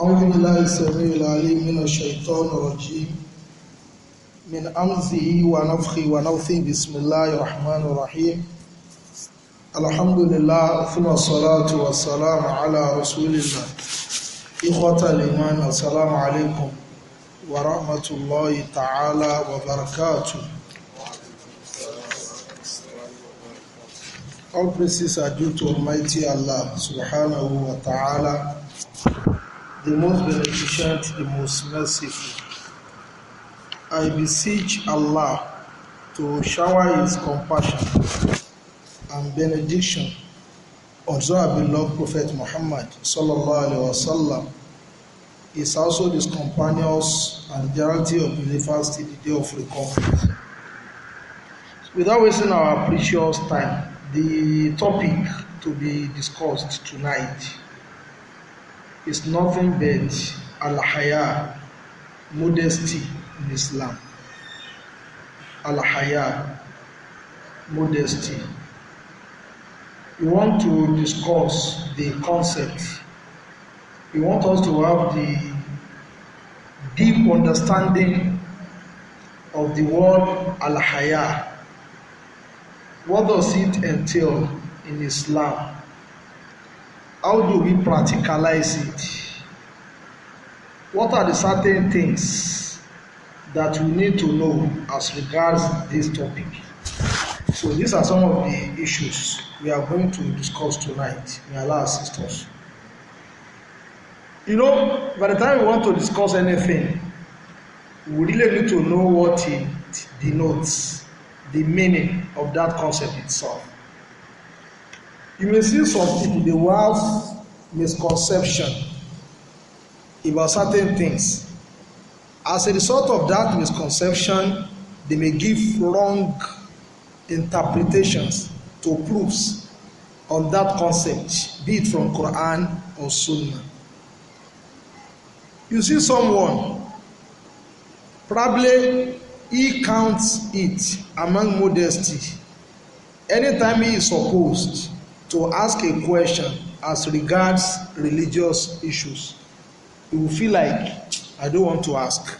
أعوذ بالله السميع العليم من الشيطان الرجيم من أمزه ونفخه ونوثه بسم الله الرحمن الرحيم الحمد لله ثم الصلاة والسلام على رسول الله إخوة الإيمان السلام عليكم ورحمة الله تعالى وبركاته All praises are due to Almighty Allah subhanahu wa ta'ala the most beneficent, the most merciful. I beseech Allah to shower His compassion and benediction on our beloved Prophet Muhammad sallallahu alaihi wasallam. Is also his companions and the reality of believers till the day of recompense. Without wasting our precious time, the topic to be discussed tonight is nothing but al-haya modesty in Islam al-haya modesty we want to discuss the concept we want us to have the deep understanding of the word al-haya what does it entail in Islam How do we practicalize it? What are the certain things that we need to know as regards this topic? So these are some of the issues we are going to discuss tonight. May Allah assist us. You know, by the time we want to discuss anything, we really need to know what it denotes, the meaning of that concept itself. You may see some people, they have misconception about certain things. As a result of that misconception, they may give wrong interpretations to proofs on that concept, be it from Quran or Sunnah. You see someone, probably he counts it among modesty. Anytime he is opposed, to ask a question as regards religious issues you will feel like i don't want to ask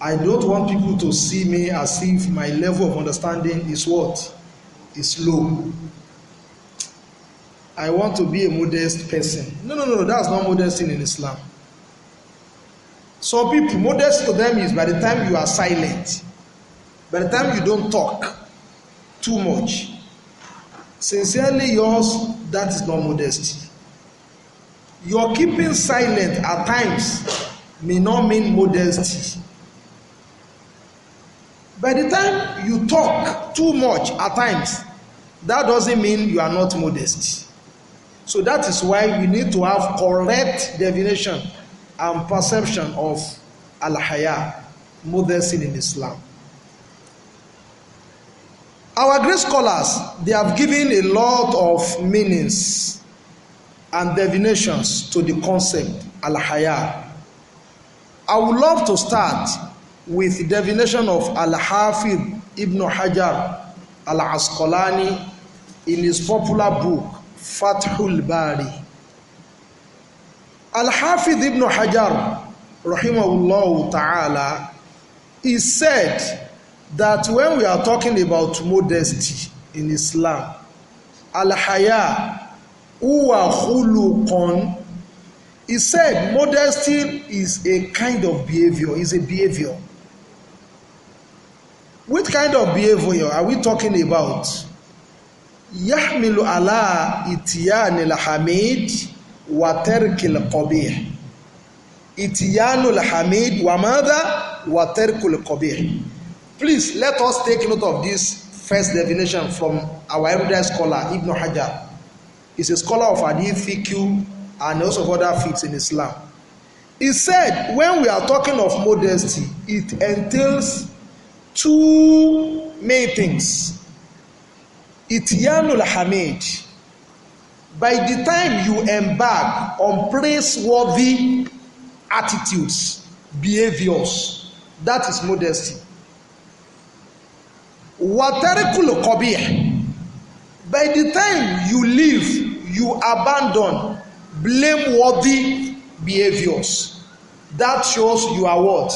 i don't want people to see me as if my level of understanding is what is low i want to be a modest person no no no that's not modesty in islam some people modest to them is by the time you are silent by the time you don't talk too much Sincerely yours, that is not modesty. Your keeping silent at times may not mean modesty. By the time you talk too much at times, that doesn't mean you are not modest. So that is why we need to have correct definition and perception of al-haya, modesty in Islam. Our great scholars, they have given a lot of meanings and divinations to the concept al haya. I would love to start with the divination of al hafid ibn Hajar al Asqalani in his popular book Fathul Bari. Al hafid ibn Hajar, rahimahullah ta'ala, he said that when we are talking about modesty in Islam al-haya huwa he said modesty is a kind of behavior is a behavior what kind of behavior are we talking about yahmilu ala itiyani alhamid wa terkil qabih itiyanu alhamid wa madha wa terkil qabih Please let us take note of this first definition from our eminent scholar Ibn Hajar. He's a scholar of Hadith, Fiqh, and also of other fiqhs in Islam. He said, when we are talking of modesty, it entails two main things. Ityanul Hamid. By the time you embark on praiseworthy attitudes, behaviors, that is modesty waterikulu kọbíyà by the time you leave you abandon blameworthy behaviors. that shows you are what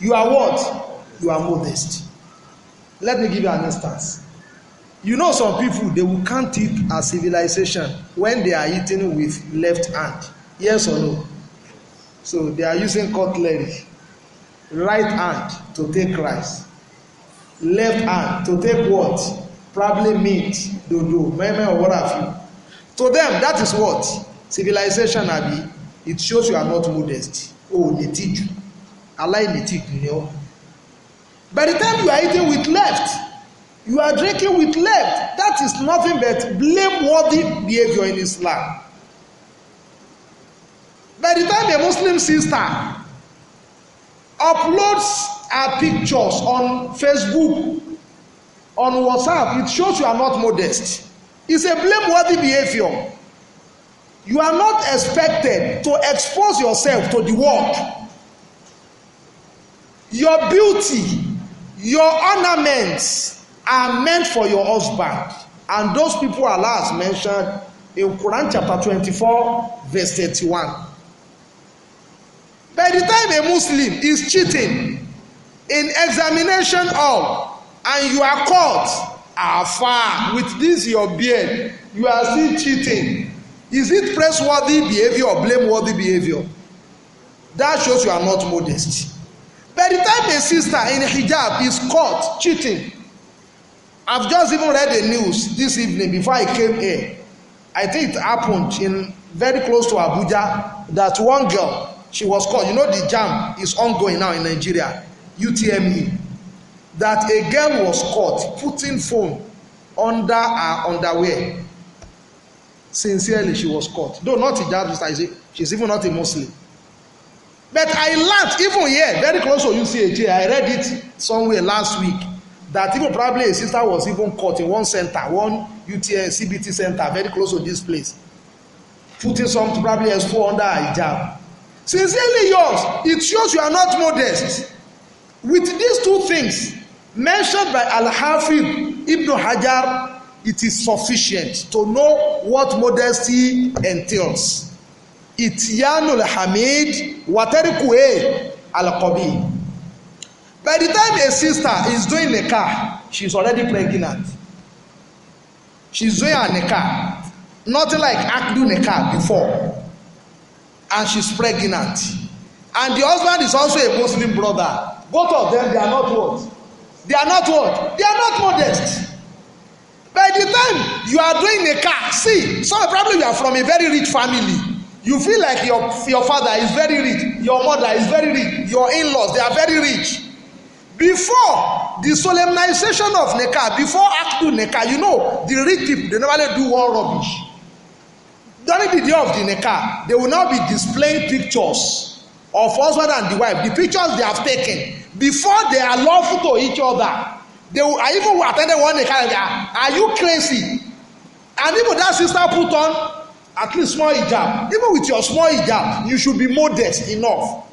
you are what you are modest let me give you an instance you know some people they will count it as civilization when they are eating with left hand yes or no so they are using cutlery right hand to take rice left hand to take what probably meat dodo meme or what have you to them that is what civilization abi it shows you are not modest Oh, they teach o oh, They teach you know. by the time you are eating with left you are drinking with left that is nothing but blame-worthy behaviour in Islam by the time a Muslim sister uploads are pictures on Facebook, on WhatsApp. It shows you are not modest. It's a blameworthy behaviour. You are not expected to expose yourself to the world. Your beauty, your ornaments are meant for your husband. And those people Allah has mentioned in Quran chapter twenty-four, verse thirty-one. By the time a Muslim is cheating, in examination hall and you are caught afar with this your beard you are still cheating is it praiseworthy behaviour or blameworthy behaviour that shows you are not modest by the time a sister in hijab is caught cheating i've just even read the news this evening before i came here i think it happened in very close to abuja that one girl she was caught you know the jam is ongoing now in nigeria UTME that a girl was caught putting phone under her underwear. Sincerely, she was caught. Though not a jihadist, she's even not a Muslim. But I learned even here, very close to UCHA, I read it somewhere last week, that even probably a sister was even caught in one center, one UTN CBT center, very close to this place, putting some probably S4 under a hijab. Sincerely yours, it shows you are not modest. With these two things mentioned by Al-Hafidh Ibn Hajar, it is sufficient to know what modesty entails. Ityanul Hamid Waterikue eh, Al-Qabi. By the time a sister is doing she is already pregnant. She's doing a nikah. Nothing like Akdu nikah before. And she's pregnant and the husband is also a muslim brother both of them they are not what they are not what they are not modest by the time you are doing a car see so probably you are from a very rich family you feel like your your father is very rich your mother is very rich your in-laws they are very rich before the solemnization of nikah before akdu nikah you know the rich people they normally do one rubbish during the day of the nikah they will now be displaying pictures of husband and the wife the pictures they have taken before they are lawful to each other they will, I even attended one day kind of are you crazy and even that sister put on at least small hijab even with your small hijab you should be modest enough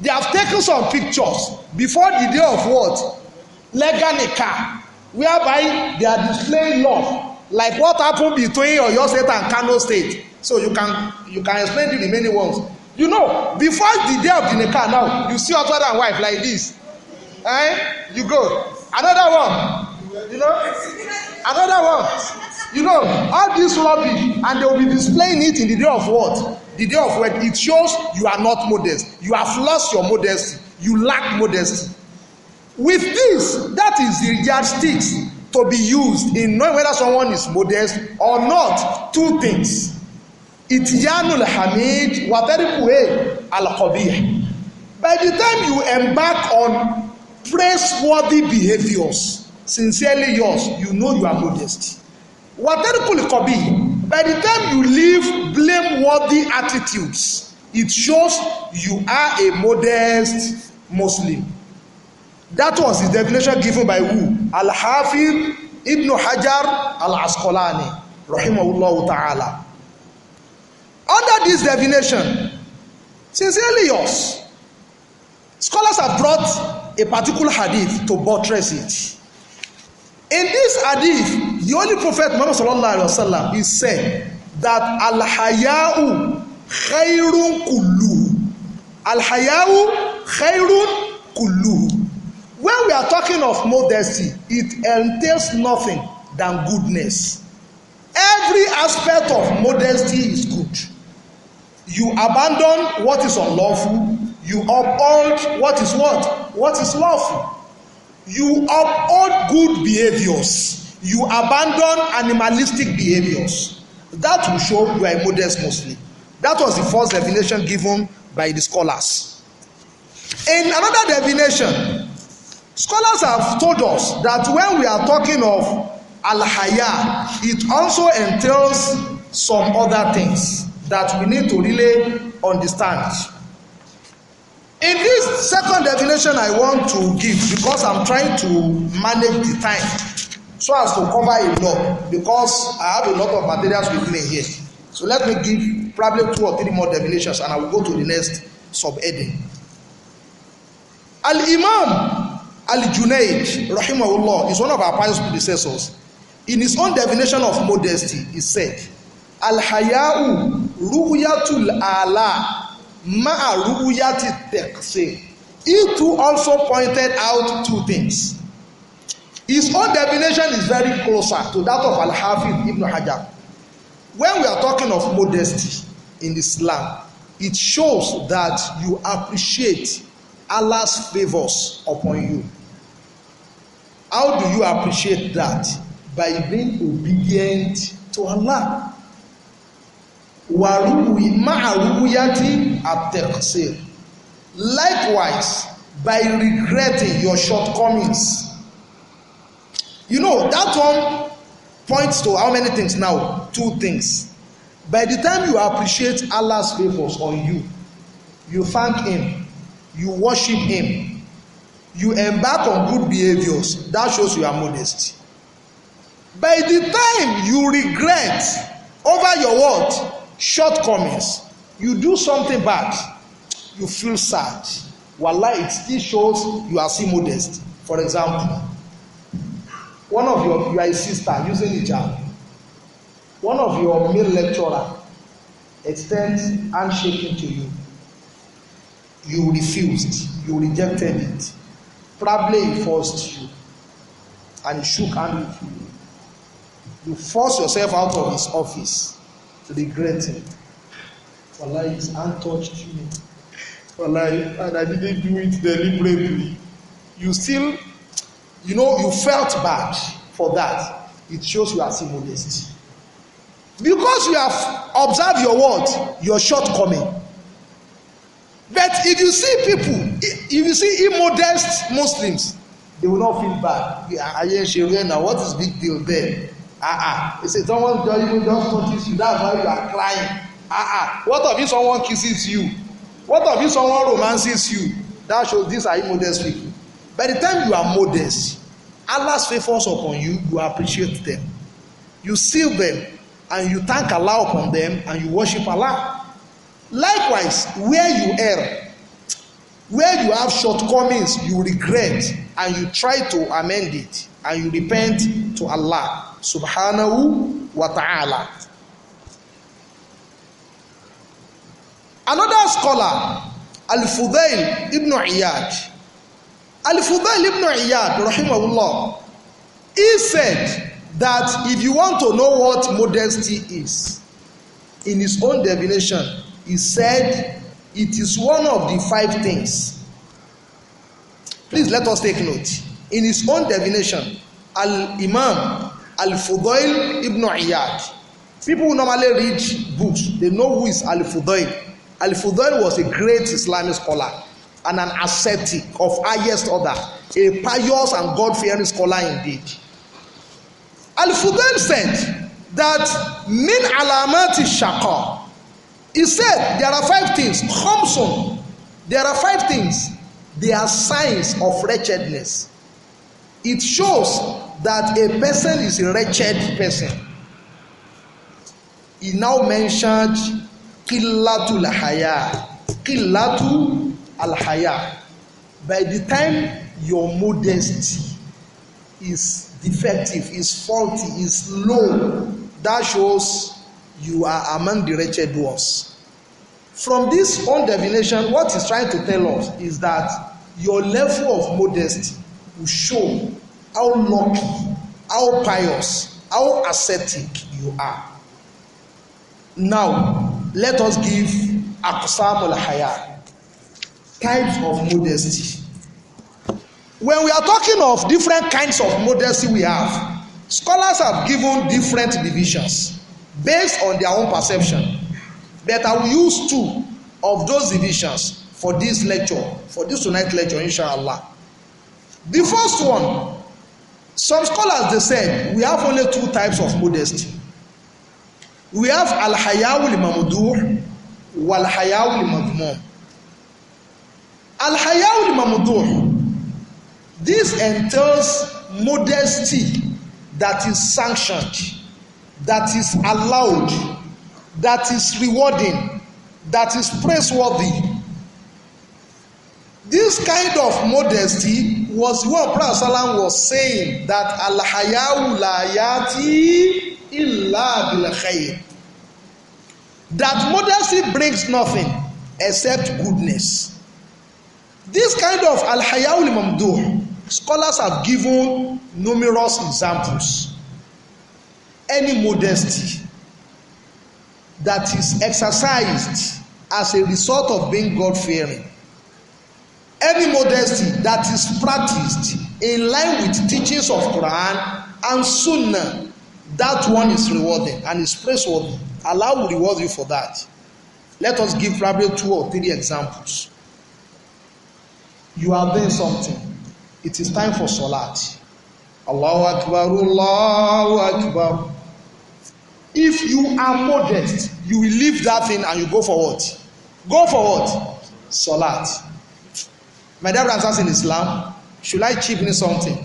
they have taken some pictures before the day of what legal nikah whereby they are displaying love like what happened between Oyo State and Kano State so you can you can explain to the many ones You know, before the day of the nikah now, you see husband and wife like this. Eh? You go. Another one. You know? Another one. You know, all this rubbish, and they will be displaying it in the day of what? The day of what? It shows you are not modest. You have lost your modesty. You lack modesty. With this, that is the yardsticks to be used in knowing whether someone is modest or not. Two things ìtìyánu alhamid wàtẹ́rìkùwé alakọ̀bíyà by the time you embark on praiseworthy behaviours sincerely yours you know you are modest wàtẹ́rìkùlùkọ̀bí by the time you leave blameworthy attitudes it shows you are a modest muslim that was the definition given by who al-hafiz ibn hajar al-asqalani rahimahullah ta'ala. Under this divination, sincerely yours, scholars have brought a particular hadith to buttress it. In this hadith, the only prophet Muhammad sallallahu alaihi wasallam is said that al-hayau khairun kullu. Al-hayau khairun kullu. When we are talking of modesty, it entails nothing than goodness. Every aspect of modesty is good. You abandon what is unlawful. You uphold what is what? What is lawful. You uphold good behaviors. You abandon animalistic behaviors. That will show you are a modest Muslim. That was the first definition given by the scholars. In another definition, scholars have told us that when we are talking of al-haya, it also entails some other things that we need to really understand. In this second definition I want to give because I'm trying to manage the time so as to cover a lot because I have a lot of materials with me here. So let me give probably two or three more definitions and I will go to the next subheading. Al-Imam Al-Junaid rahimahullah is one of our pious predecessors. In his own definition of modesty, he said, Al-Haya'u ruyatul ala ma'a ruyati taqsir he too also pointed out two things his own definition is very closer to that of al-hafiz ibn hajar when we are talking of modesty in islam it shows that you appreciate Allah's favours upon you. How do you appreciate that? By being obedient to Allah ma'arubuyati at-taqsir. Likewise, by regretting your shortcomings. You know, that one points to how many things now? Two things. By the time you appreciate Allah's favors on you, you thank Him, you worship Him, you embark on good behaviors, that shows you are modest. By the time you regret over your what? shortcomings you do something bad you feel sad wahala it still shows you are still modest for example one of your you sister using hijab one of your male lecturer extends handshaking to you you refused you rejected it probably he forced you and he shook hand with you you force yourself out of his office regretting. Wallahi, his hand touched me. Wallahi, and I didn't do it deliberately. You still, you know, you felt bad for that. It shows you are still modest. Because you have observed your word, your shortcoming. But if you see people, if you see immodest Muslims, they will not feel bad. What is big deal there? Ah, ah. He said, someone just, just touches you. That's why you are crying. Ah, ah. What of if someone kisses you? What of if someone romances you? That shows these are immodest people. By the time you are modest, Allah's favors upon you, you appreciate them. You seal them and you thank Allah upon them and you worship Allah. Likewise, where you err, where you have shortcomings, you regret and you try to amend it and you repent to Allah subhanahu wa ta'ala another scholar al-fudail ibn iyad al-fudail ibn iyad rahimahullah he said that if you want to know what modesty is in his own definition he said it is one of the five things please let us take note in his own definition al imam Al-Fudail ibn Iyad. People who normally read books, they know who is Al-Fudail. Al-Fudail was a great Islamic scholar and an ascetic of highest order, a pious and God-fearing scholar indeed. Al-Fudail said that min alamati shaqa. He said there are five things. Thompson, there are five things. They are signs of wretchedness. It shows that a person is a wretched person he now mentioned kilatu lahaya kilatu alhaya by the time your modesty is defective is faulty is low that shows you are among the wretched ones from this own definition what is trying to tell us is that your level of modesty will show how lucky how pious how ascetic you are now let us give akusam alhaya types of modesty when we are talking of different kinds of modesty we have scholars have given different divisions based on their own perception but i will use two of those divisions for this lecture for this tonight lecture inshallah the first one Some scholars they said we have only two types of modesty. We have al-hayawul mamdur wal hayawul madmum. this entails modesty that is sanctioned, that is allowed, that is rewarding, that is praiseworthy This kind of modesty was what Prophet Salam was saying that Al-Hayahu la yati illa bil khayr. That modesty brings nothing except goodness. This kind of Al-Hayahu al scholars have given numerous examples. Any modesty that is exercised as a result of being God-fearing Any modesty that is practiced in line with teachings of Quran and Sunnah, that one is rewarded, and is praiseworthy. Allah will reward you for that. Let us give probably two or three examples. You are doing something. It is time for Salat. Allahu Akbar, Allahu Akbar. If you are modest, you will leave that thing and you go for what? Go for what? Salat My dear brothers in Islam, should I cheapen something?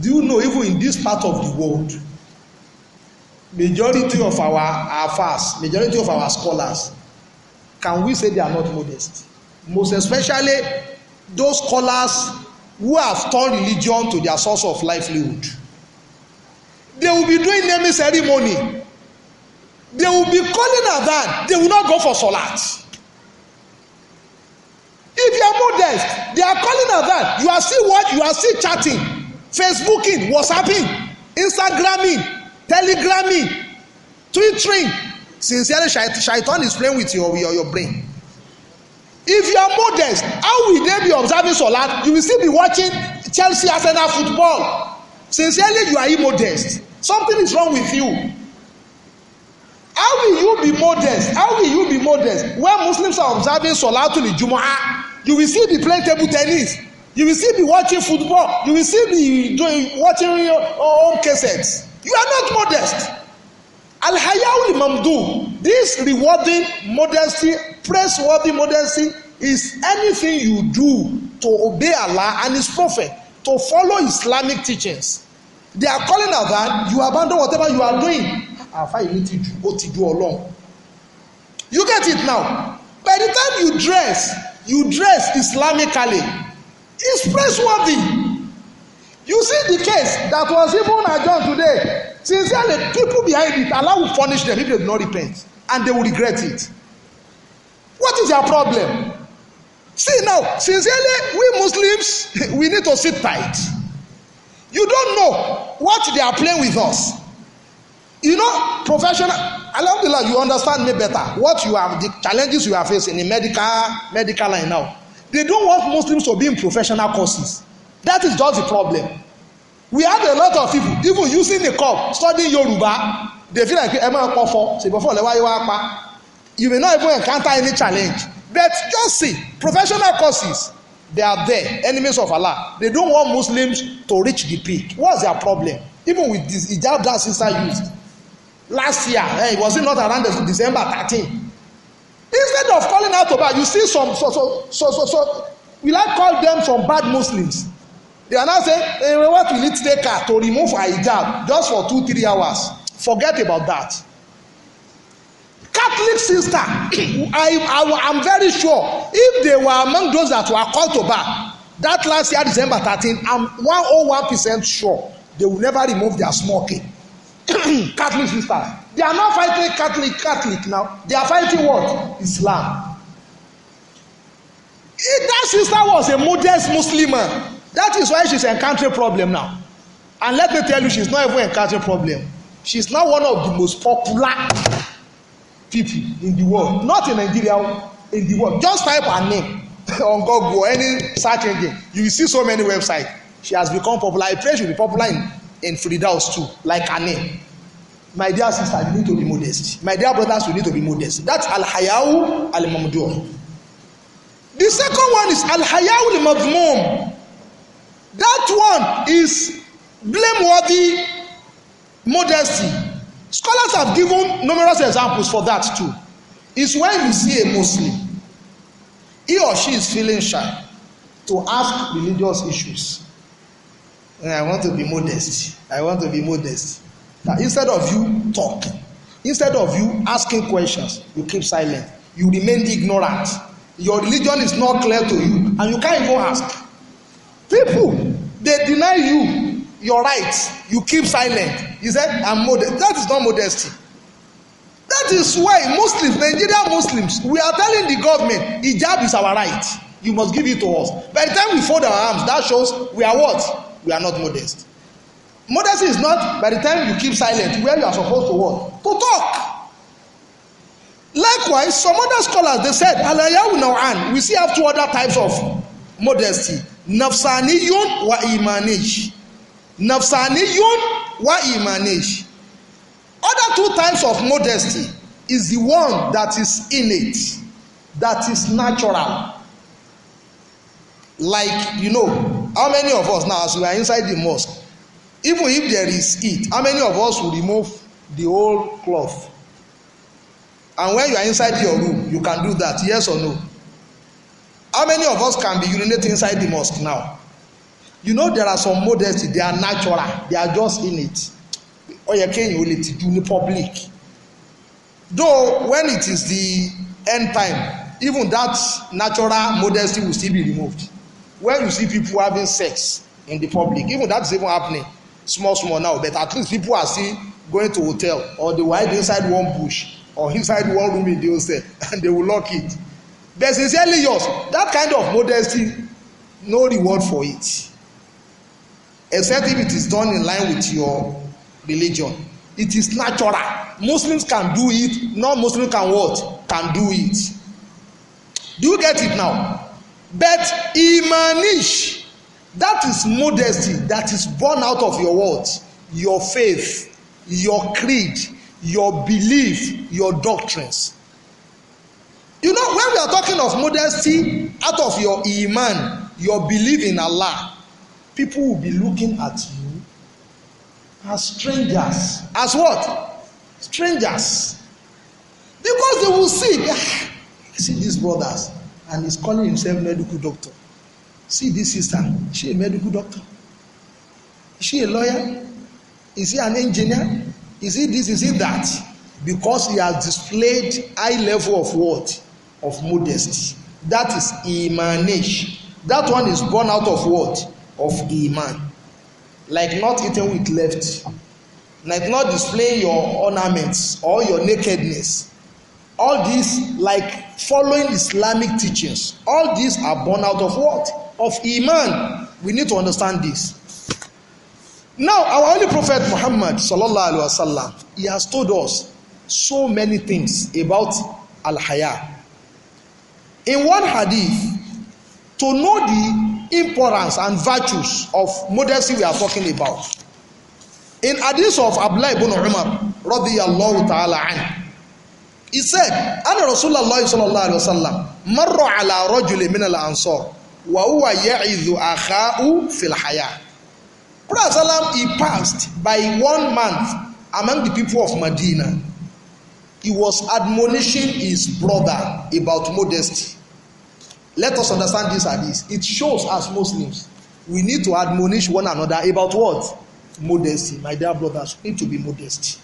Do you know even in this part of the world, majority of our our fast, majority of our scholars, can we say they are not modest? Most especially those scholars who have turned religion to their source of livelihood. They will be doing naming ceremony. They will be calling Adhan. They will not go for Salat if you are modest they are calling us that you are still what you are still chatting facebooking whatsapping instagramming telegramming twittering sincerely shaitan is playing with your your, your brain if you are modest how will they be observing solat you will still be watching chelsea arsenal football sincerely you are immodest something is wrong with you how will you be modest how will you be modest when muslims are observing solatul jumu'ah you will still be playing table tennis you will still be watching football you will still be doing watching your own cassettes you are not modest alhayawi mamdu this rewarding modesty praiseworthy modesty is anything you do to obey allah and his prophet to follow islamic teachings they are calling out that you abandon whatever you are doing afa emi ti ju o ti ju Ọlọ́run you get it now by the time you dress you dress Islamically it's praiseworthy you see the case that was even adjourned today sincerely people behind it Allah will punish them if they do not repent and they will regret it what is their problem see now sincerely we Muslims we need to sit tight you don't know what they are playing with us You know, professional, alhamdulillah, you understand me better. What you have, the challenges you are facing in medical, medical line now. They don't want Muslims to be in professional courses. That is just the problem. We have a lot of people, even using the cup, studying Yoruba, they feel like, Emma Kofo, Sibofo, Lewa Iwapa. You may not even encounter any challenge. But just see, professional courses, they are there, enemies of Allah. They don't want Muslims to reach the peak. What is their problem? Even with this hijab that sister used last year eh, it was not around December thirteen? instead of calling out to bad you see some so so so so so will I call them some bad Muslims they are now saying eh, what will it take her to remove her hijab just for two three hours forget about that Catholic sister I, I am very sure if they were among those that were called to bar that last year December 13 I'm oh one percent sure they will never remove their smoking Catholic sisters they are not fighting Catholic Catholic now they are fighting what Islam if eh, that sister was a modest Muslim that is why she is encountering problem now and let me tell you she is not even encountering problem she is now one of the most popular people in the world not in Nigeria oh, in the world just type her name on Google or any search engine you will see so many websites she has become popular I pray she will be popular in in Fridaus too, like Anne. My dear sister, you need to be modest. My dear brothers, you need to be modest. That's Al Hayawu Al Mamdur. The second one is Al Hayawu Al Madmum. That one is blameworthy modesty. Scholars have given numerous examples for that too. It's when you see a Muslim, he or she is feeling shy to ask religious issues I want to be modest. I want to be modest. Now, instead of you talking, instead of you asking questions, you keep silent. You remain ignorant. Your religion is not clear to you, and you can't even ask. People, they deny you your rights. You keep silent. You said, I'm modest. That is not modesty. That is why Muslims, Nigerian Muslims, we are telling the government hijab is our right. You must give it to us. By the time we fold our arms, that shows we are what? we are not modest modesty is not by the time you keep silent where you are supposed to what to talk likewise some other scholars they said alayahu nawan we see have two other types of modesty nafsaniyun wa imanij nafsaniyun wa imanij other two types of modesty is the one that is innate that is natural like you know How many of us now, as we are inside the mosque, even if there is heat, how many of us will remove the whole cloth? And when you are inside your room, you can do that, yes or no? How many of us can be urinating inside the mosque now? You know there are some modesty, they are natural, they are just in it. Ó yẹ kéèyàn ó lè ti do ní public. Though when it is the end time, even that natural modesty will still be removed where you see people having sex in the public even that is even happening small small now but at least people are still going to hotel or they will hide inside one bush or inside one room in the hostel and they will lock it but sincerely yours that kind of modesty no reward for it except if it is done in line with your religion it is natural muslims can do it non-muslims can what can do it do you get it now but imanish that is modesty that is born out of your words, your faith your creed your belief your doctrines you know when we are talking of modesty out of your iman your belief in allah people will be looking at you as strangers as what strangers because they will see ah, see these brothers and is calling himself medical doctor see this sister she a medical doctor is she a lawyer is he an engineer is he this is he that because he has displayed high level of what of modesty that is imanage that one is born out of what of iman like not eating with left like not displaying your ornaments or your nakedness all these like following islamic teachings all these are born out of what of iman we need to understand this now our holy prophet muhammad sallallahu alaihi wasallam he has told us so many things about al in one hadith to know the importance and virtues of modesty we are talking about in hadith of abdullah ibn umar radiyallahu ta'ala anhu He said, Anna Rasulullah sallallahu alayhi wa sallam, marra ala rajuli min al-ansar, wa huwa ya'idhu akhahu fil haya. Prophet Salam, he passed by one month among the people of Medina. He was admonishing his brother about modesty. Let us understand this hadith. It shows as Muslims, we need to admonish one another about what? Modesty. My dear brothers, we need to be modest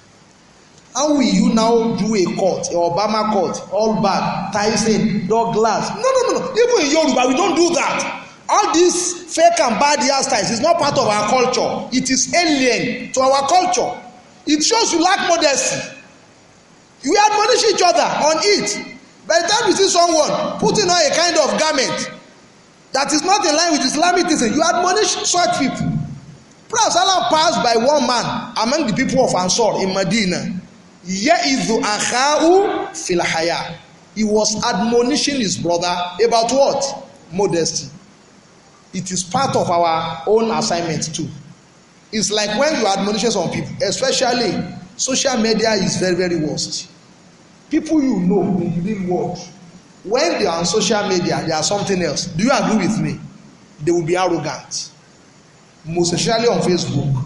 How will you now do a court, a Obama court, Allback, Tyson, Douglas? No, no, no, no. Even in Yoruba, we don't do that. All these fake and bad hairstyles is not part of our culture. It is alien to our culture. It shows you lack modesty. You admonish each other on it. By the time you see someone putting on a kind of garment that is not in line with Islamic teaching, you admonish such people. Prophet Salah passed by one man among the people of Ansar in Medina Ye'idu Akhau Filahaya. He was admonishing his brother about what? Modesty. It is part of our own assignment too. It's like when you admonish some people, especially social media is very, very worst. People you know in the real when they are on social media, they are something else. Do you agree with me? They will be arrogant, most especially on Facebook.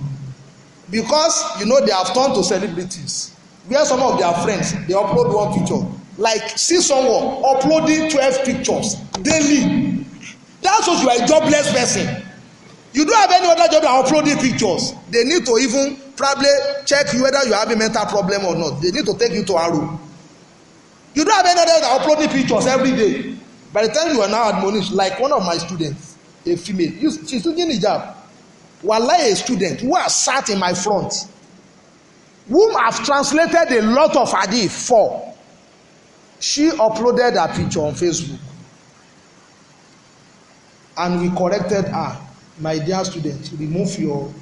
Because you know they have turned to celebrities where some of their friends dey upload one picture like see someone uploading twelve pictures daily that shows you are a jobless person you don't have any other job than uploading pictures they need to even probably check you whether you have a mental problem or not they need to take you to arrow you don't have any other than uploading pictures every day by the time you are now admonished like one of my students a female she is using hijab wallahi a student who has sat in my front whom have translated a lot of hadith for she uploaded her picture on Facebook and we corrected her my dear student remove your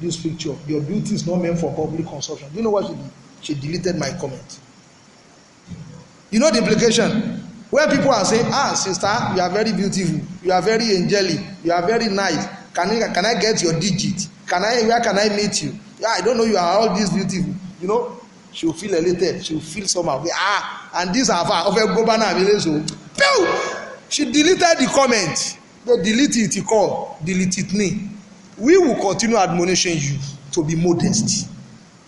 this picture your beauty is not meant for public consumption do you know what she did she deleted my comment you know the implication when people are saying ah sister you are very beautiful you are very angelic you are very nice can I can I get your digit can I where can I meet you yeah, I don't know you are all this beautiful you know she will feel elated she will feel somehow ah and this her far ọfẹ gbọba náà mi lẹsọ pew she deleted the comment they delete it he call delete it me we will continue admonishing you to be modest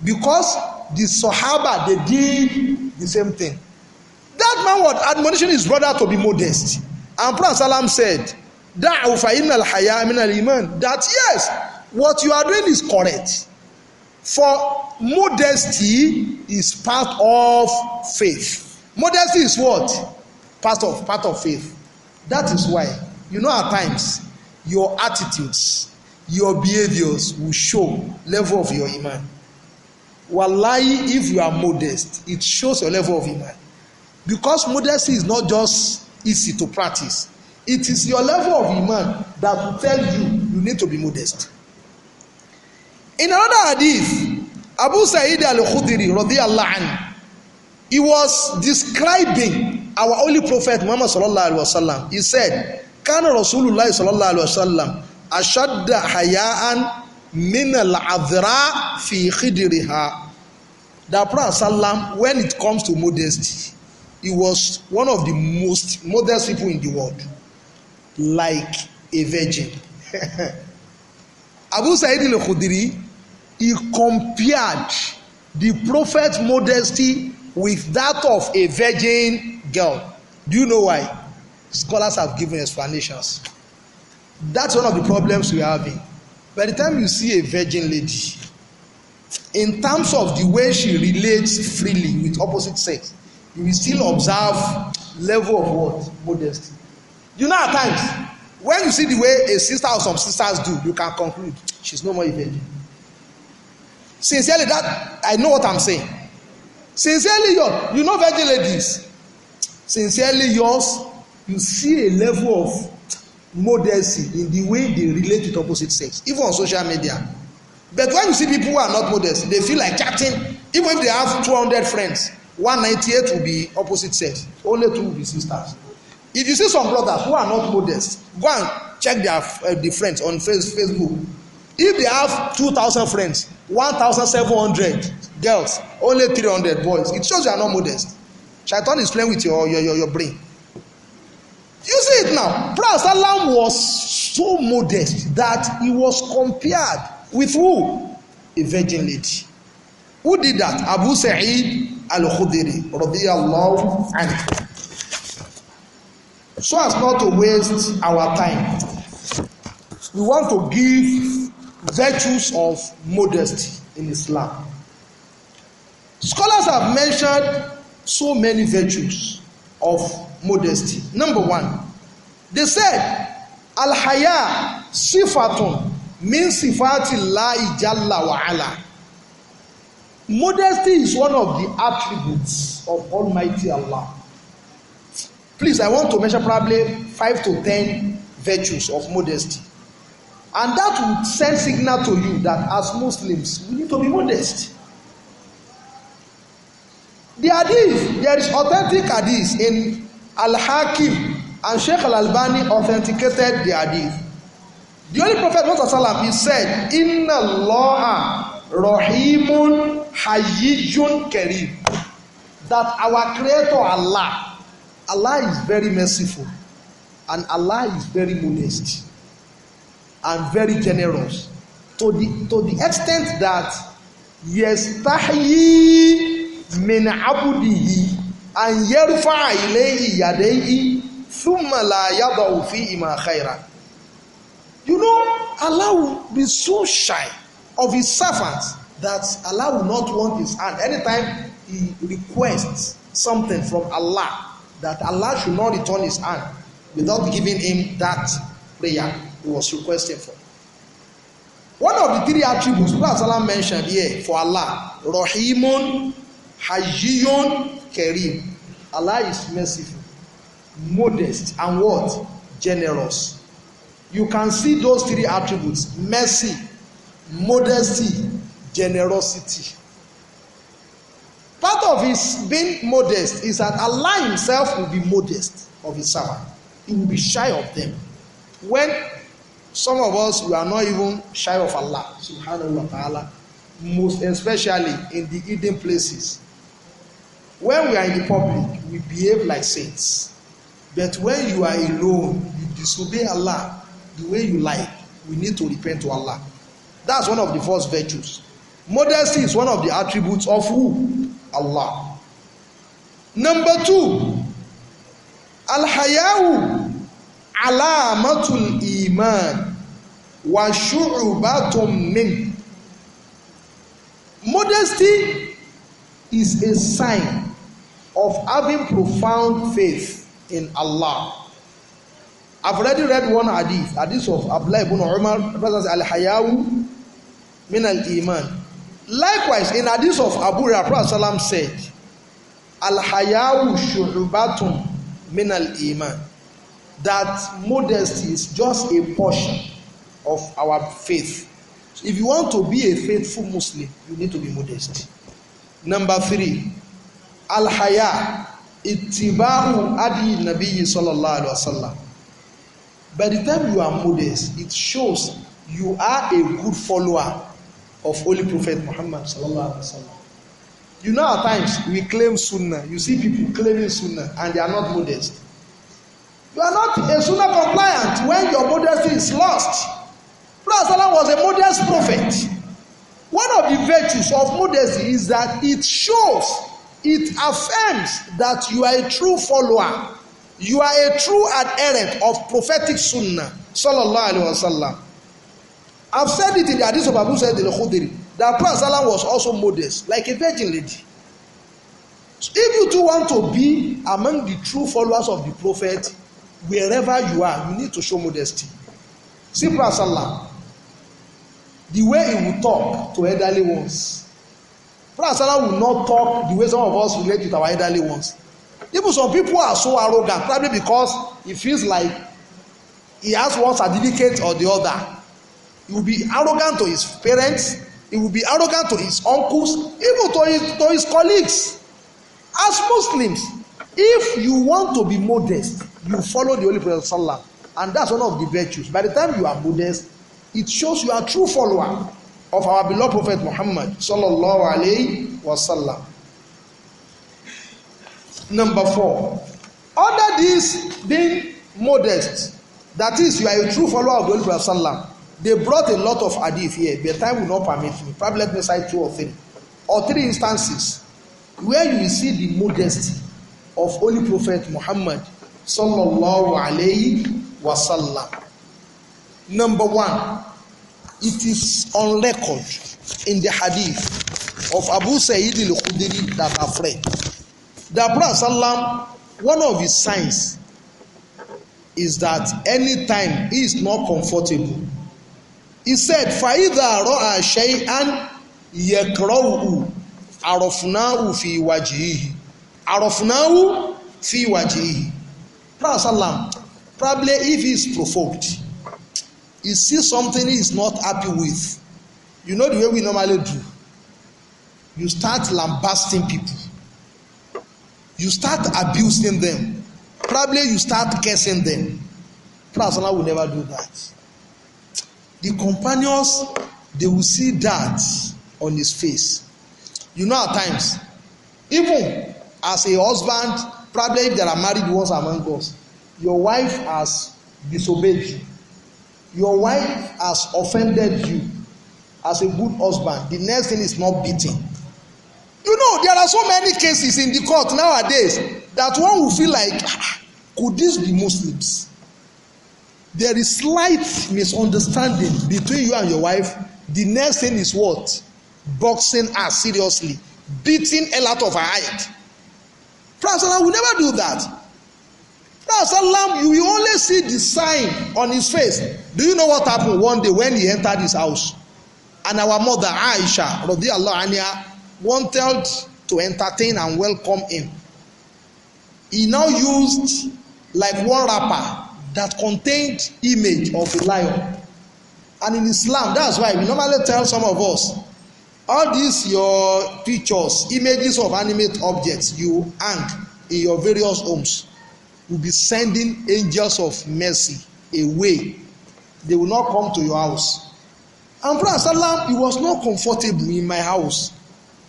because the sahaba they did the same thing that man was admonition his brother to be modest and prophet salam said da'u fa al-haya min al-iman that yes what you are doing is correct For modesty is part of faith. Modesty is what? Part of part of faith. That is why, you know, at times your attitudes, your behaviors will show level of your iman. Wallahi, if you are modest, it shows your level of iman. Because modesty is not just easy to practice. It is your level of iman that will tell you you need to be modest. In another hadith, Abu Sa'id al-Khudri radiyallahu anhu, he was describing our holy prophet Muhammad sallallahu alaihi wasallam. He said, "Kana Rasulullah sallallahu alaihi wasallam ashadda hayaan min al-adhra fi khidriha." The Prophet sallam, when it comes to modesty, he was one of the most modest people in the world, like a virgin. Abu Sa'id al-Khudri he compared the prophet's modesty with that of a virgin girl. Do you know why? Scholars have given explanations. That's one of the problems we are having. By the time you see a virgin lady, in terms of the way she relates freely with opposite sex, you will still observe level of what? Modesty. You know, at times, when you see the way a sister or some sisters do, you can conclude she's no more a virgin sincerely that i know what i'm saying sincerely yours you know virgin ladies sincerely yours you see a level of modesty in the way they relate with opposite sex even on social media but when you see people who are not modest they feel like chatting even if they have two hundred friends one ninety-eight will be opposite sex only two will be sisters if you see some brothers who are not modest go and check their uh, the friends on facebook if they have two thousand friends one thousand seven hundred girls only three hundred boys it shows you are not modest shaitan is playing with your your your, your brain you see it now prophet salam was so modest that he was compared with who a virgin lady who did that abu sa'id al-khudri radiyallahu anhu so as not to waste our time we want to give virtues of modesty in Islam. Scholars have mentioned so many virtues of modesty. Number one, they said, Al Haya Sifatun min Sifati La Ijalla wa ala. Modesty is one of the attributes of Almighty Allah. Please, I want to mention probably five to ten virtues of modesty. And that would send signal to you that as Muslims, we need to be modest. The hadith, there is authentic hadith in Al-Hakim and Sheikh Al-Albani authenticated the hadith. The only Prophet Muhammad he said, Inna Allah Rahimun Hayyijun Kareem. That our Creator Allah, Allah is very merciful and Allah is very modest and very generous to the to the extent that yestahi min abudihi and yerfa ilayhi yadehi thumma la yadau fi ima khaira you know Allah will be so shy of his servants that Allah will not want his hand anytime he requests something from Allah that Allah should not return his hand without giving him that prayer He was requesting for. One of the three attributes Prophet Salam mentioned here for Allah, Rahimun, Hajiyun, Kareem. Allah is merciful, modest, and what? Generous. You can see those three attributes mercy, modesty, generosity. Part of his being modest is that Allah Himself will be modest of His servant, He will be shy of them. When Some of us, we are not even shy of Allah, subhanahu wa ta'ala, most especially in the hidden places. When we are in the public, we behave like saints. But when you are alone, you disobey Allah the way you like. We need to repent to Allah. That's one of the first virtues. Modesty is one of the attributes of who? Allah. Number two, Al-Hayahu alamatul iman wa shu'batun min modesty is a sign of having profound faith in Allah. I've already read one hadith, hadith of Abdullah ibn Umar, Prophet Al-Hayawu min al-Iman. Likewise, in hadith of Abu Hurairah, Prophet said, Al-Hayawu shu'batun min al-Iman that modesty is just a portion of our faith. So if you want to be a faithful Muslim, you need to be modest. Number three, al haya ittiba'u adi nabiyyi sallallahu alaihi wasallam. By the time you are modest, it shows you are a good follower of Holy Prophet Muhammad sallallahu alaihi wasallam. You know, at times we claim sunnah. You see people claiming sunnah and they are not modest. You are not a sunnah compliant when your modesty is lost. Prophet was a modest prophet. One of the virtues of modesty is that it shows, it affirms that you are a true follower. You are a true adherent of prophetic sunnah. Sallallahu Alaihi Wasallam. I've said it in the Hadith of Abu Sayyid al-Khudri that Prophet was also modest, like a virgin lady. So if you do want to be among the true followers of the Prophet, wherever you are you need to show modesty See, as the way he will talk to elderly ones prayer salah will not talk the way some of us relate with our elderly ones even some people are so arrogant probably because he feels like he has one certificate or the other he will be arrogant to his parents he will be arrogant to his uncles even to his to his colleagues as muslims if you want to be modest you follow the holy prophet sallam and that's one of the virtues by the time you are modest it shows you are true follower of our beloved prophet muhammad sallallahu alayhi wa sallam number four under this being modest that is you are a true follower of the holy prophet sallam they brought a lot of hadith here but time will not permit me probably let me cite two or three or three instances where you see the modesty of holy prophet muhammad sallallahu alayhi wa sallam number one it is on record in the hadith of abu sa'id al-khudri that are afraid the prophet sallam one of his signs is that anytime he is not comfortable he said faida ro'a shay'an yakrahu arafnahu fi wajhihi arafnahu fi wajhihi Prophet probably if he is provoked, he sees something he is not happy with. You know the way we normally do. You start lambasting people. You start abusing them. Probably you start cursing them. Prophet will never do that. The companions, they will see that on his face. You know, at times, even as a husband, Probably if there are married ones among us, your wife has disobeyed you. Your wife has offended you as a good husband. The next thing is not beating. You know, there are so many cases in the court nowadays that one will feel like, ah, could this be Muslims? There is slight misunderstanding between you and your wife. The next thing is what? Boxing her seriously, beating a lot of her height Prophet will never do that. Prophet you will only see the sign on his face. Do you know what happened one day when he entered his house? And our mother Aisha, radiallahu anha, wanted to entertain and welcome him. He now used like one wrapper that contained image of a lion. And in Islam, that's why we normally tell some of us all these your pictures images of animate objects you hang in your various homes will be sending angels of mercy away they will not come to your house and prayer salam it was not comfortable in my house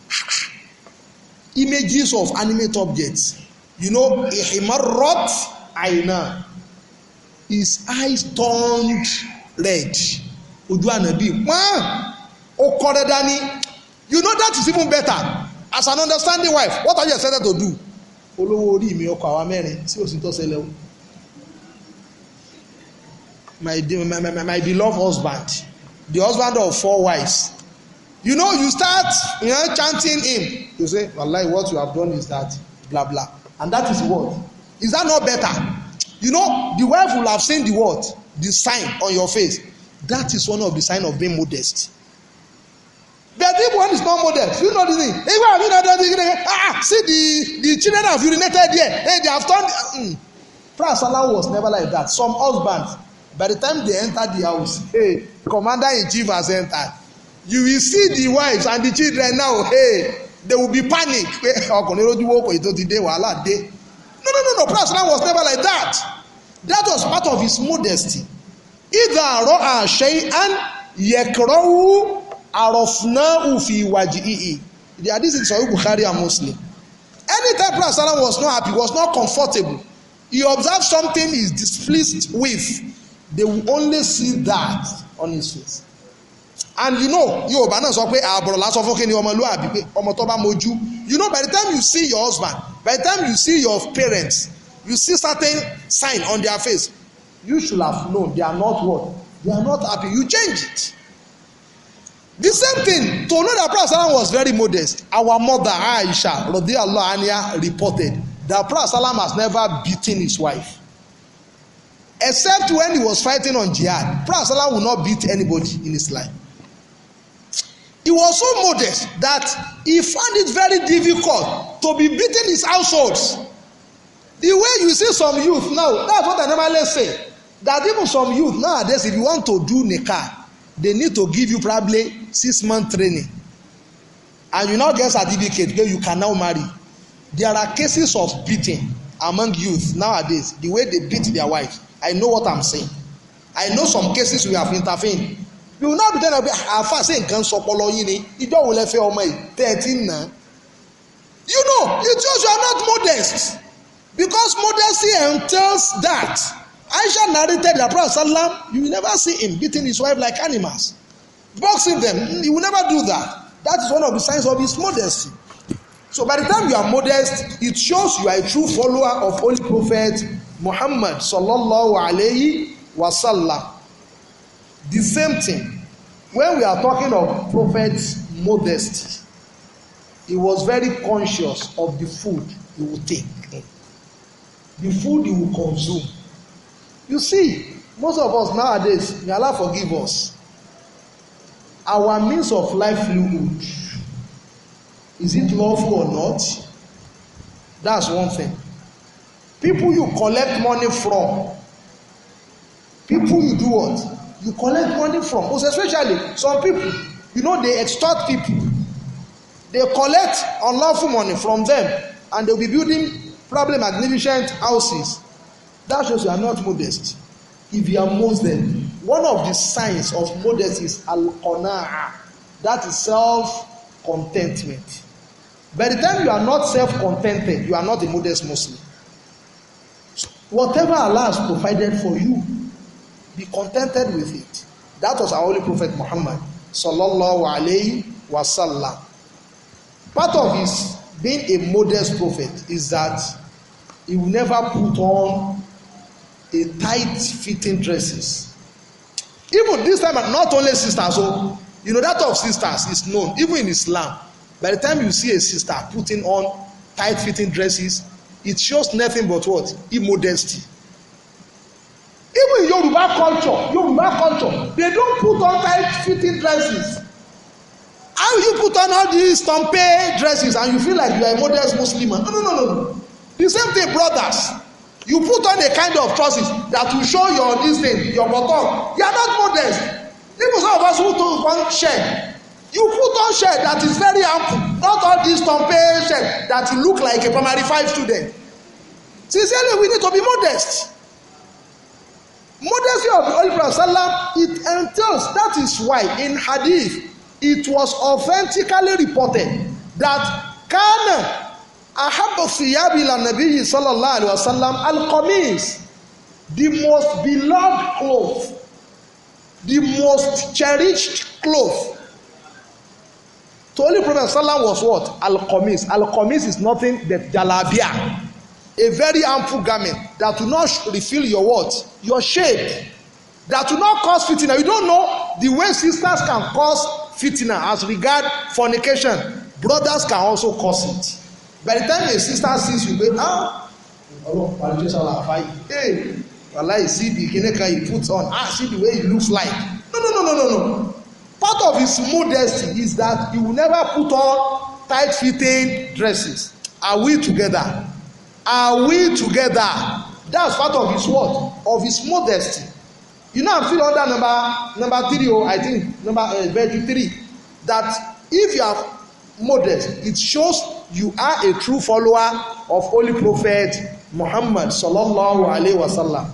images of animate objects you know ihimarot aina his eyes turned red ojú ànábì pọ́n ó kọ́ dáadáa ní you know that is even better as an understanding wife what are you expected to do olówó orí mi ọkọ̀ àwa mẹ́rin sí òsì tó ṣẹlẹ̀ o my my my my beloved husband the husband of four wives you know you start you know, chanting him you say wallahi what you have done is that blah blah and that is what is that not better you know the wife will have seen the what the sign on your face that is one of the sign of being modest But one is not modest, you know the thing. Even if you know the ah, see the the children have urinated there. Hey, they have turned. Mm. Prince Salah was never like that. Some husbands, by the time they enter the house, hey, commander in chief has entered. You will see the wives and the children now. Hey, they will be panic. No, no, no, no. Prince Salah was never like that. That was part of his modesty. Either raw and yekrowu arọ̀fúnáhù fi ìwàjì ìhì the hadith is sahih bukhari and muslim anytime prophet salam was not happy was not comfortable he observe something he is displeased with they will only see that on his face and you know yorùbá náà sọ pé àbọ̀rọ̀ lásán fún kíni ọmọlúwàbí pé ọmọ tó bá mojú you know by the time you see your husband by the time you see your parents you see certain sign on their face you should have known they are not what they are not happy you change it the same thing to know that Prophet Salam was very modest our mother Aisha radiyallahu anha reported that Prophet Salam has never beaten his wife except when he was fighting on jihad Prophet Salam would not beat anybody in his life he was so modest that he found it very difficult to be beating his households the way you see some youth now that's what I normally say that even some youth nowadays if you want to do nikah they need to give you probably six month training and you now get certificate wey you can now marry there are cases of beating among youth nowadays the way they beat their wife i know what i'm saying i know some cases we have intervened you will now be telling me ah, àfa say, nǹkan sọpọlọ yín ni ìjọ wo lẹ fẹ́ ọmọ yìí thirteen na you know you just you are not modest because modesty entails that Aisha narrated that Prophet Sallam, you will never see him beating his wife like animals, boxing them. He will never do that. That is one of the signs of his modesty. So by the time you are modest, it shows you are a true follower of Holy Prophet Muhammad sallallahu alaihi wasallam. The same thing when we are talking of Prophet's modesty, he was very conscious of the food he would take, the food he would consume You see, most of us nowadays, may Allah forgive us. Our means of livelihood, is it lawful or not? That's one thing. People you collect money from, people you do what? You collect money from. Most especially some people, you know, they extort people. They collect unlawful money from them and they'll be building probably magnificent houses That shows you are not modest. If you are Muslim, one of the signs of modest is al-qana'a. That is self-contentment. By the time you are not self-contented, you are not a modest Muslim. Whatever Allah has provided for you, be contented with it. That was our Holy Prophet Muhammad sallallahu alayhi wasallam. Part of his being a modest prophet is that he will never put on a tight fitting dresses even this time not only sisters o oh, you know that of sisters is known even in Islam by the time you see a sister putting on tight fitting dresses it shows nothing but what immodesty even in Yoruba culture Yoruba culture they don put on tight fitting dresses how you put on all these tompe dresses and you feel like you are a modest Muslim no no no no the same thing brothers you put on a kind of trousers that will show your this thing your buttock. you are not modest even some of us who don't want shirt you put on shirt that is very ample not all this tompe shirt that you look like a primary five student sincerely we need to be modest modesty of the holy prophet salam it entails that is why in hadith it was authentically reported that kana ahabbu thiyabi ila nabiyyi sallallahu alaihi wasallam al-qamis the most beloved cloth the most cherished cloth the only prophet sallam was what Alqamis. Alqamis is nothing but jalabiya, a very harmful garment that will not refill your what your shape that will not cause fitna you don't know the way sisters can cause fitna as regard fornication brothers can also cause it by the time your sister sees you pé ah ọlọ́run parí jésù àwọn àfáyé hey wàhálà yìí see the kinní kan he put on ah see the way he looks like no no no no no no part of his modesty is that he will never put on tight fitting dresses are we together are we together that's part of his what of his modesty you know i'm still under number number three oh i think number uh, verse three that if you have modest. It shows you are a true follower of Holy Prophet Muhammad sallallahu alaihi wasallam.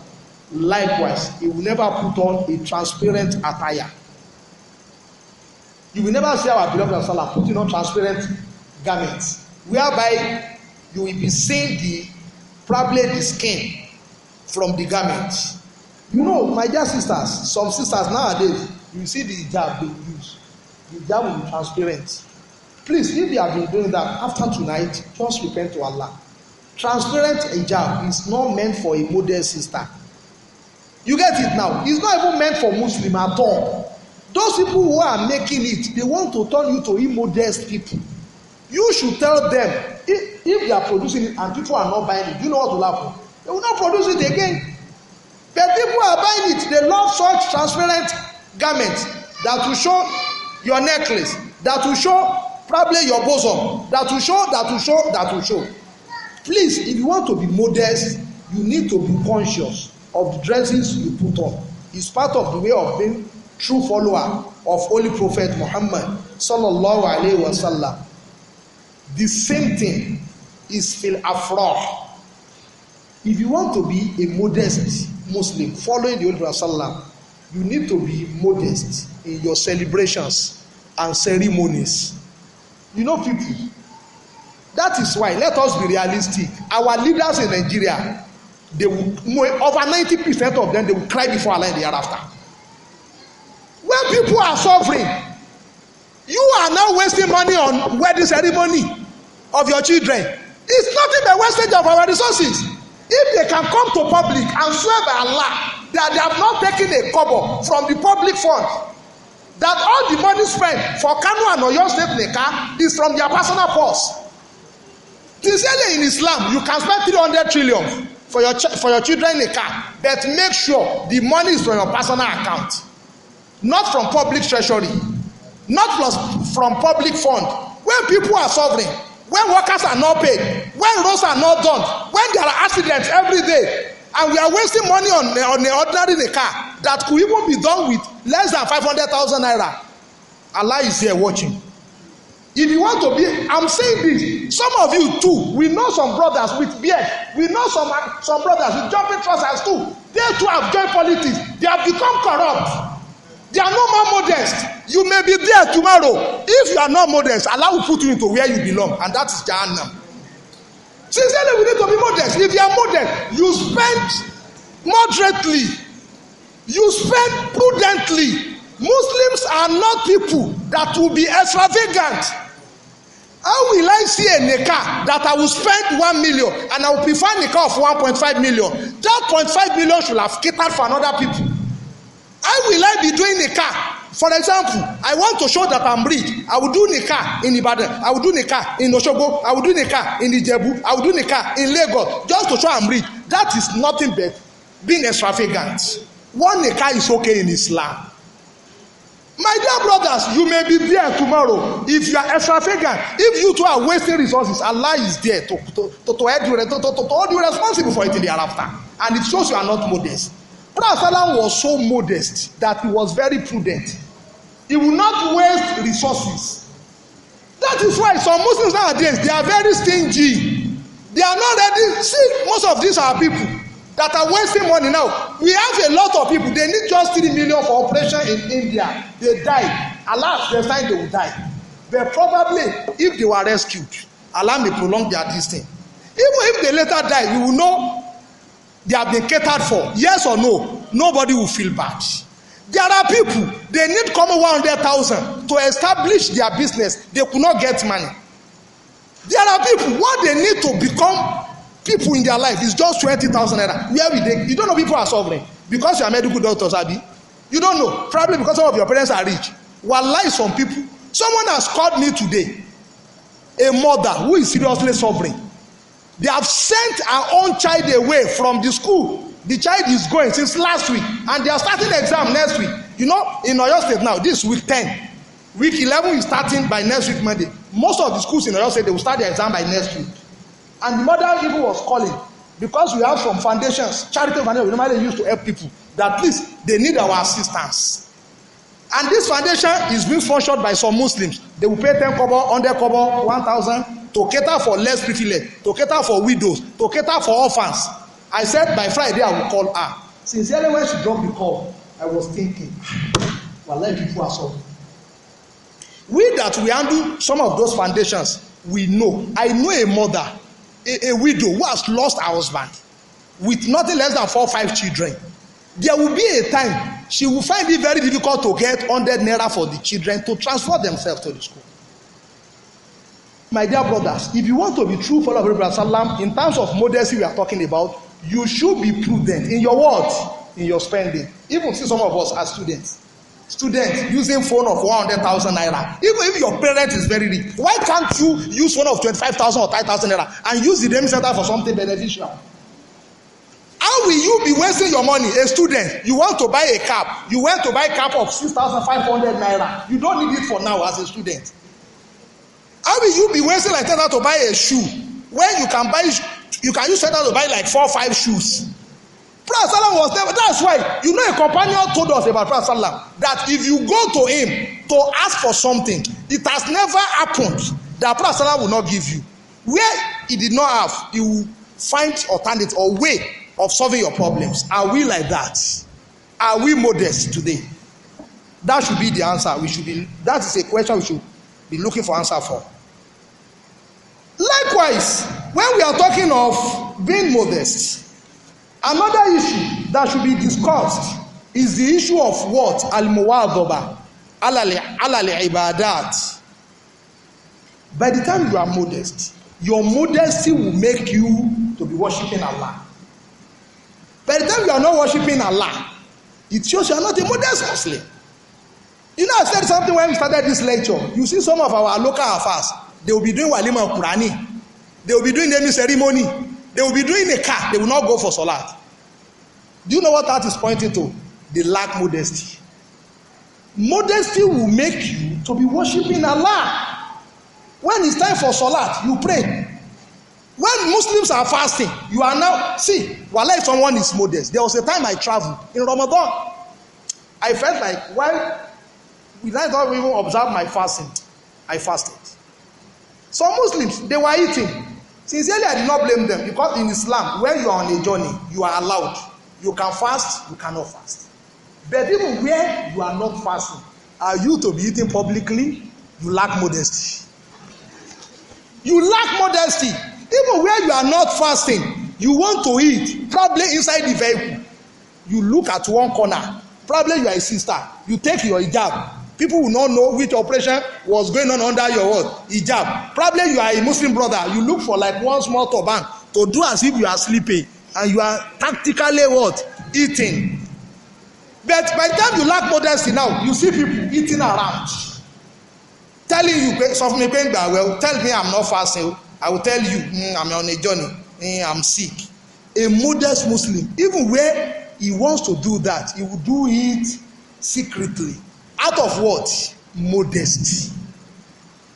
Likewise, he will never put on a transparent attire. You will never see our beloved Sallallahu putting on transparent garments, whereby you will be seeing the probably the skin from the garments. You know, my dear sisters, some sisters nowadays, you see the hijab they use. The hijab will be transparent Please, if you have been doing that after tonight, just repent to Allah. Transparent hijab is not meant for a model sister. You get it now? It's not even meant for Muslim at all. Those people who are making it, they want to turn you to immodest people. You should tell them if, if they are producing it and people are not buying it, you know what will happen? They will not produce it again. But people are buying it. They love such transparent garments that will show your necklace, that will show probably your bosom that will show that will show that will show please if you want to be modest you need to be conscious of the dresses you put on it's part of the way of being true follower of holy prophet muhammad sallallahu alaihi wasallam the same thing is fil afrah if you want to be a modest muslim following the holy prophet sallam you need to be modest in your celebrations and ceremonies you know people that is why let us be realistic our leaders in nigeria they will over ninety percent of them they will cry before allah in the after. when people are suffering you are now wasting money on wedding ceremony of your children it's nothing but wastage of our resources if they can come to public and swear by allah that they have not taken a kobo from the public fund that all the money spent for Kano and Oyo State Leka is from their personal purse. Sincerely in Islam, you can spend three hundred trillion for your, for your children in a car, but make sure the money is from your personal account, not from public treasury, not from from public fund. When people are suffering, when workers are not paid, when roads are not done, when there are accidents every day, and we are wasting money on a, on an ordinary car that could even be done with less than five hundred thousand naira allah is here watching if you want to be i'm saying this some of you too we know some brothers with beard we know some some brothers with jumping trousers too they too have joined politics they have become corrupt they are no more modest you may be there tomorrow if you are not modest allah will put you into where you belong and that is jahannam Sincerely, we need to be modest. If you are modest, you spend moderately, you spend prudently. Muslims are not people that will be extravagant. How will I see a nikah that I will spend one million and I will prefer nikah of five million? That point five million should have catered for another people. How will I be doing nikah for example i want to show that i'm rich i will do nika in ibadan i will do nika in osogbo i will do nika in ijebu i will do nika in lagos just to show i'm rich that is nothing but being extravagant one nika is okay in islam my dear brothers you may be there tomorrow if you are extravagant if you two are wasting resources allah is there to to to to help you to to to hold you responsible for it in the hereafter and it shows you are not modest prophet salam was so modest that he was very prudent He will not waste resources. That is why some Muslims nowadays they are very stingy. They are not ready. See, most of these are people that are wasting money now. We have a lot of people. They need just three million for operation in India. They die. Alas, the time they will die. But probably if they were rescued, Allah may prolong their distance. Even if they later die, you will know they have been catered for. Yes or no, nobody will feel bad. There are people, they need common thousand to establish their business. They could not get money. There are people, what they need to become people in their life is just twenty thousand naira. Where we they, you don't know people are suffering because you are medical doctors, Abi. You don't know. Probably because some of your parents are rich. Wallahi, some people. Someone has called me today, a mother who is seriously suffering. They have sent her own child away from the school the child is going since last week and they are starting the exam next week you know in oyo state now this week ten week eleven is starting by next week monday most of the schools in oyo state they will start their exam by next week and the mother even was calling because we have some foundations charitable foundations we normally use to help people that please they need our assistance and this foundation is being sponsored by some muslims they will pay ten kobo hundred kobo one thousand to cater for less privileged to cater for widows to cater for orphans I said by Friday I will call her. Since Sincerely, when she dropped the call, I was thinking, well, let people are sorry. We that we handle some of those foundations, we know. I know a mother, a, a widow who has lost her husband with nothing less than four or five children. There will be a time she will find it very difficult to get 100 naira for the children to transfer themselves to the school. My dear brothers, if you want to be true follower of Abraham in terms of modesty we are talking about, you should be prudent in your words, in your spending even see some of us as students students using phone of one hundred thousand naira even if your parent is very rich why can't you use phone of twenty-five thousand or five thousand naira and use the remittent for something beneficial how will you be wasting your money a student you want to buy a cap you want to buy cap of six thousand five hundred naira you don't need it for now as a student how will you be wasting like ten thousand to buy a shoe when you can buy you can use 10,000 to buy like four or five shoes prophet salam was never that's why you know a companion told us about prophet salam that if you go to him to ask for something it has never happened that prophet salam will not give you where he did not have he will find alternative or way of solving your problems are we like that are we modest today that should be the answer we should be that is a question we should be looking for answer for likewise when we are talking of being modest another issue that should be discussed is the issue of what almuwadoba alale ibadat by the time you are modest your modesty will make you to be worshiping allah by the time you are not worshiping allah it shows you are not a modest muslim you know i said something when we started this lecture you see some of our local affairs they will be doing walima qurani They will be doing any ceremony. They will be doing a car. They will not go for Salat. Do you know what that is pointing to? They lack modesty. Modesty will make you to be worshiping Allah. When it's time for Salat, you pray. When Muslims are fasting, you are now, see, while someone is modest, there was a time I traveled in Ramadan. I felt like, why we I not even observe my fasting? I fasted. Some Muslims, they were eating sincerely i did not blame them because in islam when you are on a journey you are allowed you can fast you cannot fast but even where you are not fasting are you to be eating publicly you lack modesty you lack modesty even where you are not fasting you want to eat probably inside the vehicle you look at one corner probably you are a sister you take your hijab people will not know which operation was going on under your what hijab probably you are a muslim brother you look for like one small turban to do as if you are sleeping and you are tactically what eating but by the time you lack modesty now you see people eating around telling you "Something sọ fún well tell me i'm not fasting i will tell you mm, i'm on a journey mm, i'm sick a modest muslim even where he wants to do that he will do it secretly out of what modesty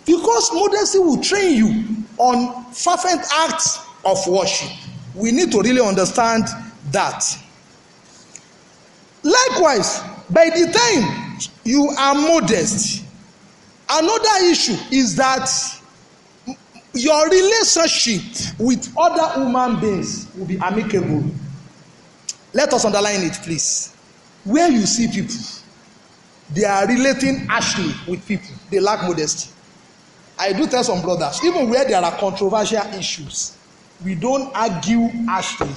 because modesty will train you on fervent acts of worship we need to really understand that likewise by the time you are modest another issue is that your relationship with other human beings will be amicable let us underline it please where you see people they are relating harshly with people they lack modesty i do tell some brothers even where there are controversial issues we don't argue harshly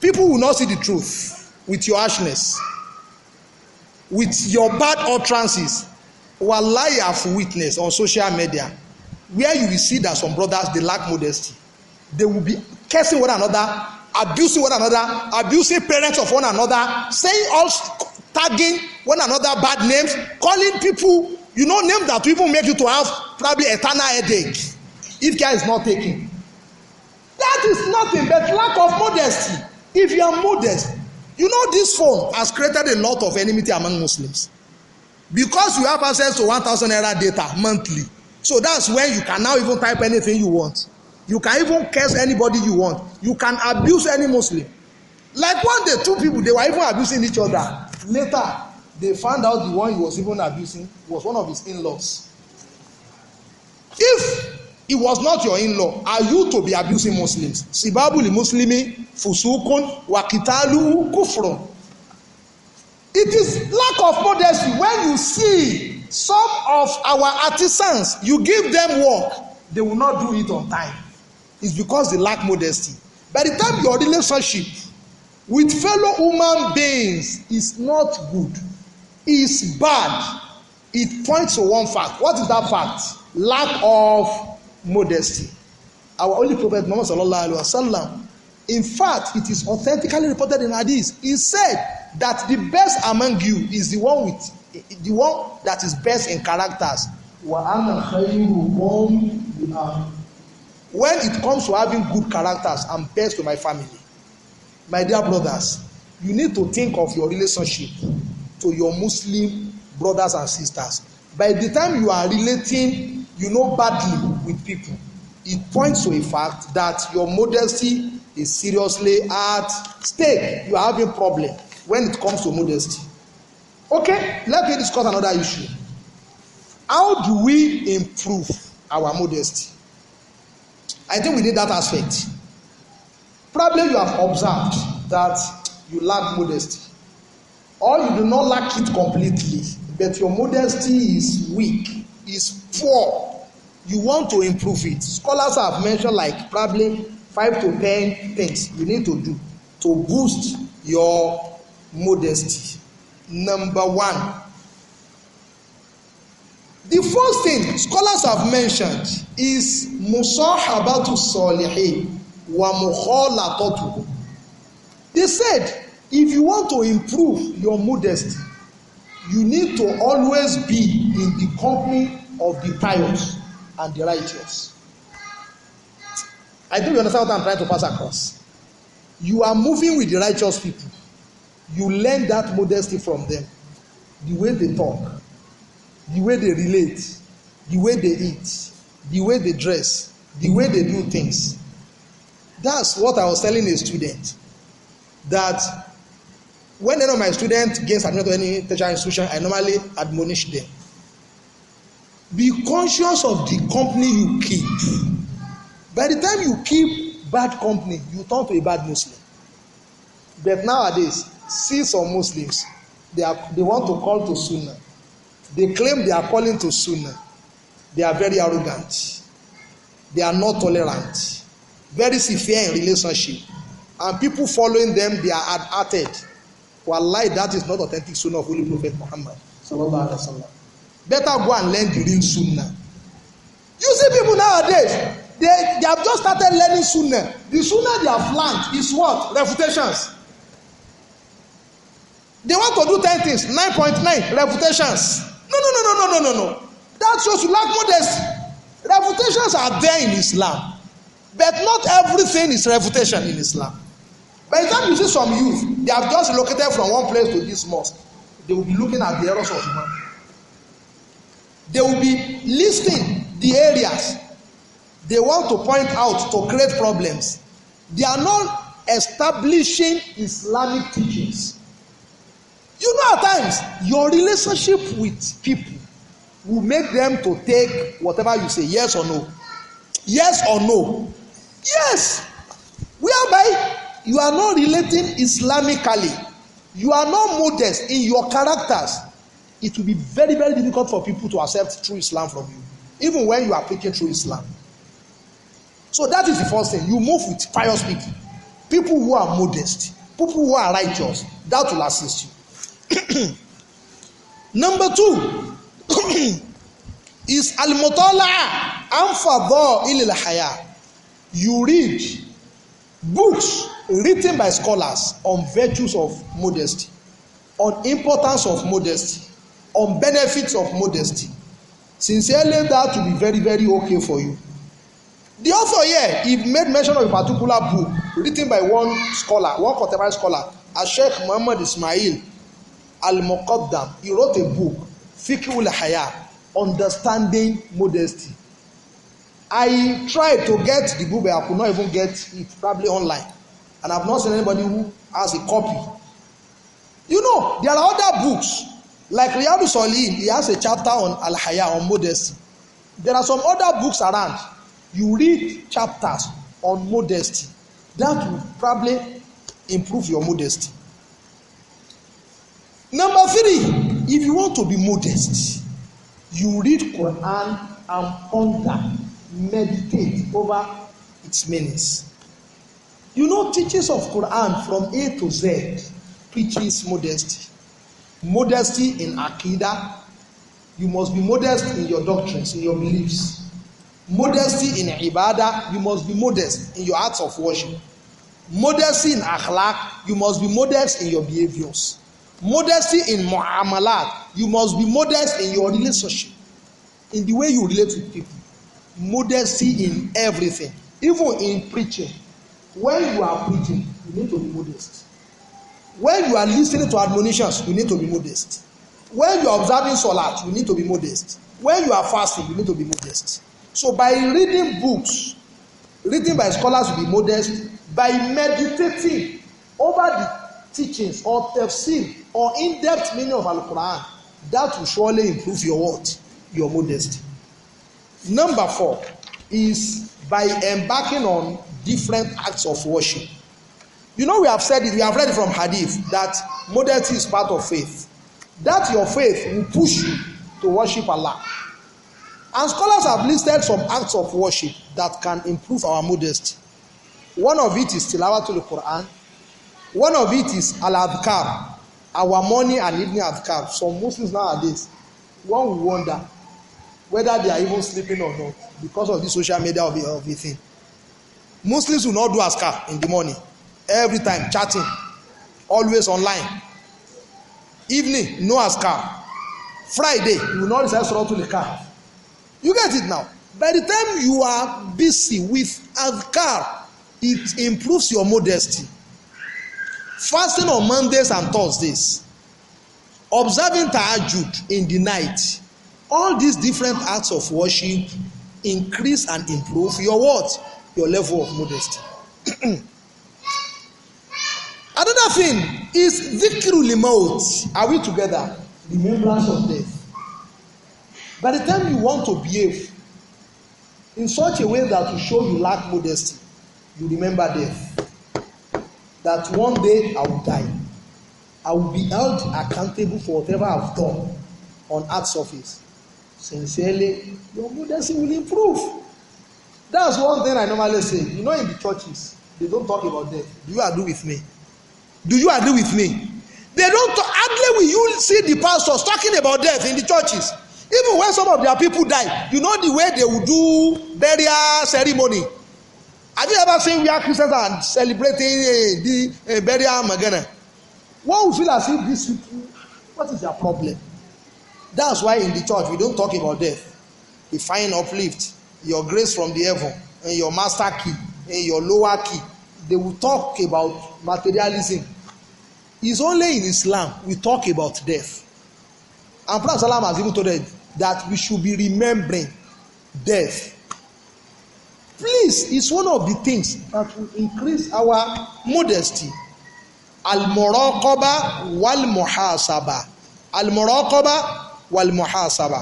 people will not see the truth with your harshness with your bad utterances wallahi have witness on social media where you will see that some brothers dey lack modesty they will be cursing one another abusing one another abusing parents of one another saying all tagging one another bad names calling people you know names that even make you to have probably eternal headache if care is not taken that is nothing but lack of modesty if you are modest you know this phone has created a lot of enmity among muslims because you have access to one thousand naira data monthly so that's when you can now even type anything you want you can even curse anybody you want you can abuse any muslim like one day two people they were even abusing each other later they found out the one he was even abusing was one of his in-laws if it was not your in-law are you to be abusing muslims sibabuli muslimi fusukun wakitalu kufrun it is lack of modesty when you see some of our artisans you give them work they will not do it on time it's because they lack modesty by the time your relationship with fellow human beings is not good is bad it points to one fact what is that fact lack of modesty our only prophet muhammad sallallahu alaihi wasallam in fact it is authentically reported in hadith he said that the best among you is the one with the one that is best in characters when it comes to having good characters i'm best to my family my dear brothers you need to think of your relationship to your muslim brothers and sisters by the time you are relating you know badly with people it points to a fact that your modesty is seriously at stake you are having problem when it comes to modesty okay let me discuss another issue how do we improve our modesty i think we need that aspect Probably you have observed that you lack modesty, or you do not lack it completely, but your modesty is weak, is poor. You want to improve it. Scholars have mentioned like probably five to ten things you need to do to boost your modesty. Number one, the first thing scholars have mentioned is musahabatu solihin Wamuhola Totu. They said, if you want to improve your modesty, you need to always be in the company of the pious and the righteous. I think you understand what I'm trying to pass across. You are moving with the righteous people. You learn that modesty from them. The way they talk, the way they relate, the way they eat, the way they dress, the way they do things. That's what I was telling a student that when any of my students gains admission to any tertiary institution, I normally admonish them. Be conscious of the company you keep. By the time you keep bad company, you turn to a bad Muslim. But nowadays, see some Muslims, they, are, they want to call to Sunnah. They claim they are calling to Sunnah. They are very arrogant. They are not tolerant very severe in relationship and people following them they are hard-hearted lie that is not authentic sunnah of holy prophet muhammad sallallahu alaihi wasallam better go and learn the real sunnah you see people nowadays they they have just started learning sunnah the sunnah they have learned is what reputations. they want to do ten things nine point nine reputations. no no no no no no no that shows you lack modesty Reputations are there in islam But not everything is reputation in Islam. By the time you see some youth, they have just relocated from one place to this mosque, they will be looking at the errors of humanity. They will be listing the areas they want to point out to create problems. They are not establishing Islamic teachings. You know, at times, your relationship with people will make them to take whatever you say, yes or no. Yes or no Yes, whereby you are not relating Islamically, you are not modest in your characters. It will be very, very difficult for people to accept true Islam from you, even when you are preaching true Islam. So that is the first thing. You move with pious people, people who are modest, people who are righteous. That will assist you. Number two is al-mutala anfadha ilil you read books written by scholars on virtues of modesty on importance of modesty on benefits of modesty sincerely that will be very very okay for you the author here he made mention of a particular book written by one scholar one contemporary scholar asheikh muhammad ismail al-muqaddam he wrote a book fikul Hayat, understanding modesty I tried to get the book, but I could not even get it, probably online. And I've not seen anybody who has a copy. You know, there are other books, like Riyadu Solin, he has a chapter on Al Haya, on modesty. There are some other books around. You read chapters on modesty, that will probably improve your modesty. Number three, if you want to be modest, you read Quran and ponder meditate over its meanings. You know, teachings of Quran from A to Z preaches modesty. Modesty in Akida, You must be modest in your doctrines, in your beliefs. Modesty in Ibadah. You must be modest in your acts of worship. Modesty in Akhlaq. You must be modest in your behaviors. Modesty in Mu'amalat. You must be modest in your relationship, in the way you relate with people modesty in everything even in preaching when you are preaching you need to be modest when you are listening to admonitions you need to be modest when you are observing solat you need to be modest when you are fasting you need to be modest so by reading books reading by scholars to be modest by meditating over the teachings or tafsir or in-depth meaning of al-quran that will surely improve your what your modesty Number four is by embarking on different acts of worship. You know, we have said it, we have read from Hadith that modesty is part of faith. That your faith will push you to worship Allah. And scholars have listed some acts of worship that can improve our modesty. One of it is tilawatul Quran. One of it is al adhkar, our morning and evening adhkar. Some Muslims nowadays, one will wonder whether they are even sleeping or not because of this social media of, of a thing muslims will not do askar in the morning every time chatting always online evening no askar friday you will not decide to surah to the car you get it now by the time you are busy with adkar it improves your modesty fasting on mondays and thursdays observing tahajud in the night all these different acts of worship increase and improve your what your level of modesty another thing is dhikru limaut are we together remembrance of death by the time you want to behave in such a way that will show you lack modesty you remember death that one day i will die i will be held accountable for whatever i have done on earth surface sincerely, your modesty will improve. That's one thing I normally say. You know, in the churches, they don't talk about death. Do you agree with me? Do you agree with me? They don't talk. Hardly will you see the pastors talking about death in the churches. Even when some of their people die, you know the way they will do burial ceremony. Have you ever seen we are Christians and celebrating uh, the uh, burial magana? One will feel as if these people, what is their problem? That's why in the church we don't talk about death. We find uplift, your grace from the heaven, and your master key, and your lower key. They will talk about materialism. It's only in Islam we talk about death. And Prophet Salam has even told us that we should be remembering death. Please, it's one of the things that will increase our modesty. Al-Muraqaba wal-Muhasaba. Al-Muraqaba wàlìmọ̀hásábà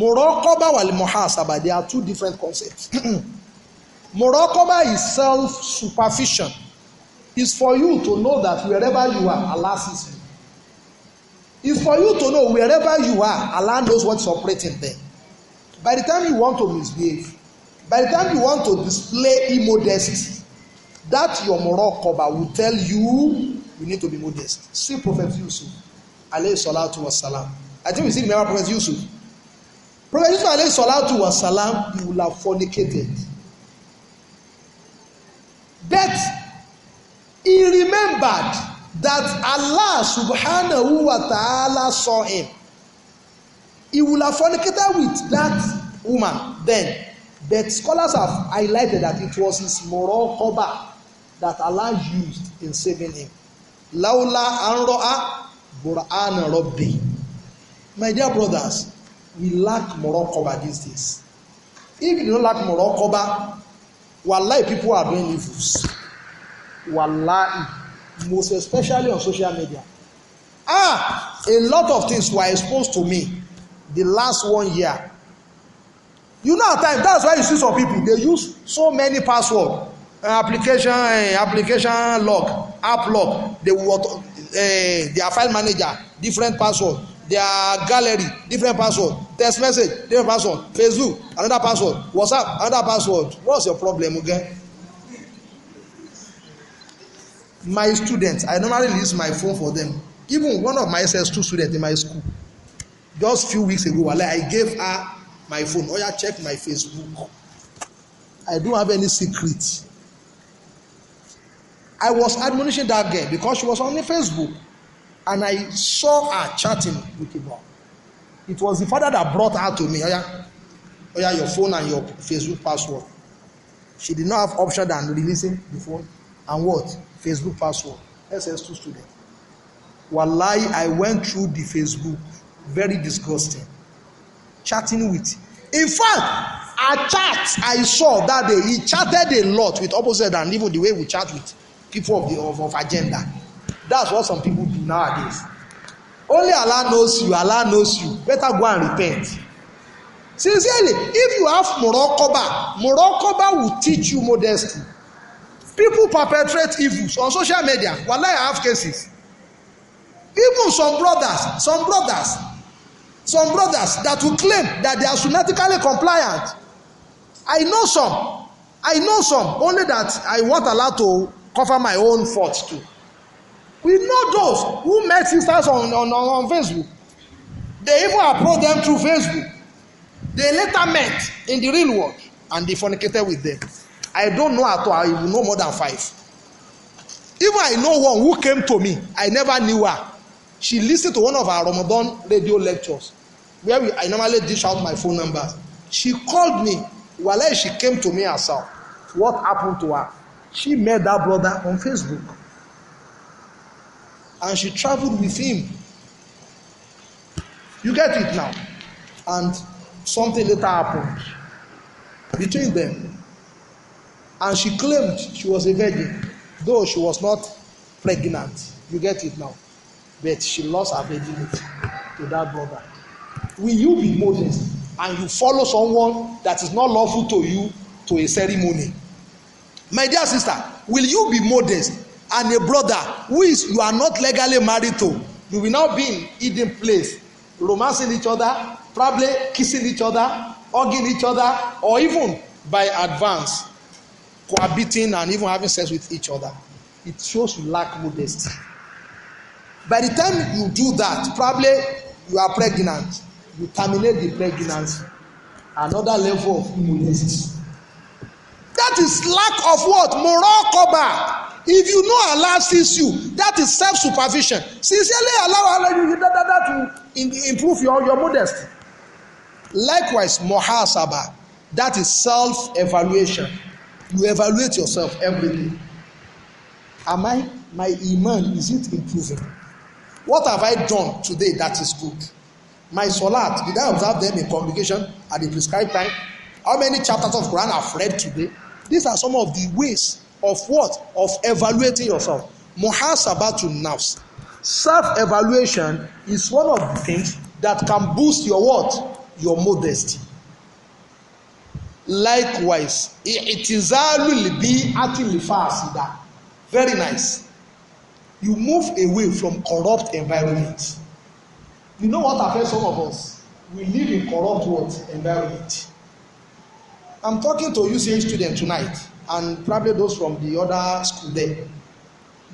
mọ̀rọ́kọ́bà wàlìmọ̀hásábà There are two different concepts mọ̀rọ́kọ́bà is self supervision is for you to know that wherever you are Allah sees you is for you to know wherever you are Allah knows what's operating there by the time you want to misbehave by the time you want to display immodesty that your morokoba will tell you you need to be modest see prophet yusuf alayhi salatu wa salam I think we see remember Prophet Yusuf Prophet Yusuf alayhi salatu wa salam he would have fornicated but he remembered that Allah subhanahu wa ta'ala saw him he would have fornicated with that woman then but scholars have highlighted that it was his moral cover that Allah used in saving him laula anroa burhan rabbi my dear brothers we lack Morocco these days if you don't lack Morocco, wallahi people are doing evils wallahi most especially on social media ah a lot of things were exposed to me the last one year you know at times that's why you see some people they use so many password uh, application uh, application log app log they will Eh, their file manager different password their gallery different password text message different password facebook another password whatsapp another password what's your problem again my students i normally use my phone for them even one of my ss2 students in my school just few weeks ago wala i gave her my phone oya check my facebook i don't have any secrets. I was admonishing that girl because she was on the Facebook and I saw her chatting with a boy. It was the father that brought her to me. Oh yeah, oh yeah, your phone and your Facebook password. She did not have option than releasing the phone and what? Facebook password. SS2 student. Wallahi, I went through the Facebook. Very disgusting. Chatting with. In fact, a chat I saw that day, he chatted a lot with opposite and even the way we chat with people of, the, of, of agenda. That's what some people do nowadays. Only Allah knows you, Allah knows you. Better go and repent. Sincerely, if you have Morokoba, Morokoba will teach you modesty. People perpetrate evils on social media. Wallahi, I have cases. Even some brothers, some brothers, some brothers that will claim that they are sunnatically compliant. I know some. I know some. Only that I want Allah to cover my own fault too. We know those who met sisters on, on, on Facebook. They even approach them through Facebook. They later met in the real world and they fornicated with them. I don't know at all. I will know more than five. Even I know one who came to me. I never knew her. She listened to one of our Ramadan radio lectures where we, I normally dish out my phone number. She called me. While she came to me herself. What happened to her? She met that brother on Facebook. And she traveled with him. You get it now. And something later happened between them. And she claimed she was a virgin, though she was not pregnant. You get it now. But she lost her virginity to that brother. Will you be Moses and you follow someone that is not lawful to you to a ceremony? my dear sister will you be modest and a brother who you are not legally married to you will now be in hidden place romancing each other probably kissing each other hugging each other or even by advance cohabiting and even having sex with each other it shows you lack modesty by the time you do that probably you are pregnant you terminate the pregnancy another level of modesty That is lack of what? Moral cover. If you know Allah sees you, that is self supervision. Sincerely allow Allah you that, that, to improve your, your modesty. Likewise, muhasaba. That is self evaluation. You evaluate yourself every day. Am I, my iman, is it improving? What have I done today that is good? My salat, did I observe them in congregation at the prescribed time? How many chapters of Quran I've read today? These are some of the ways of what? Of evaluating yourself. Muhasabatu nafs. Self-evaluation is one of the things that can boost your what? Your modesty. Likewise, i'tizalu libi ati lifasida. Very nice. You move away from corrupt environment. You know what affects some of us? We live in corrupt what? Environment. I'm talking to UCH students tonight and probably those from the other school there.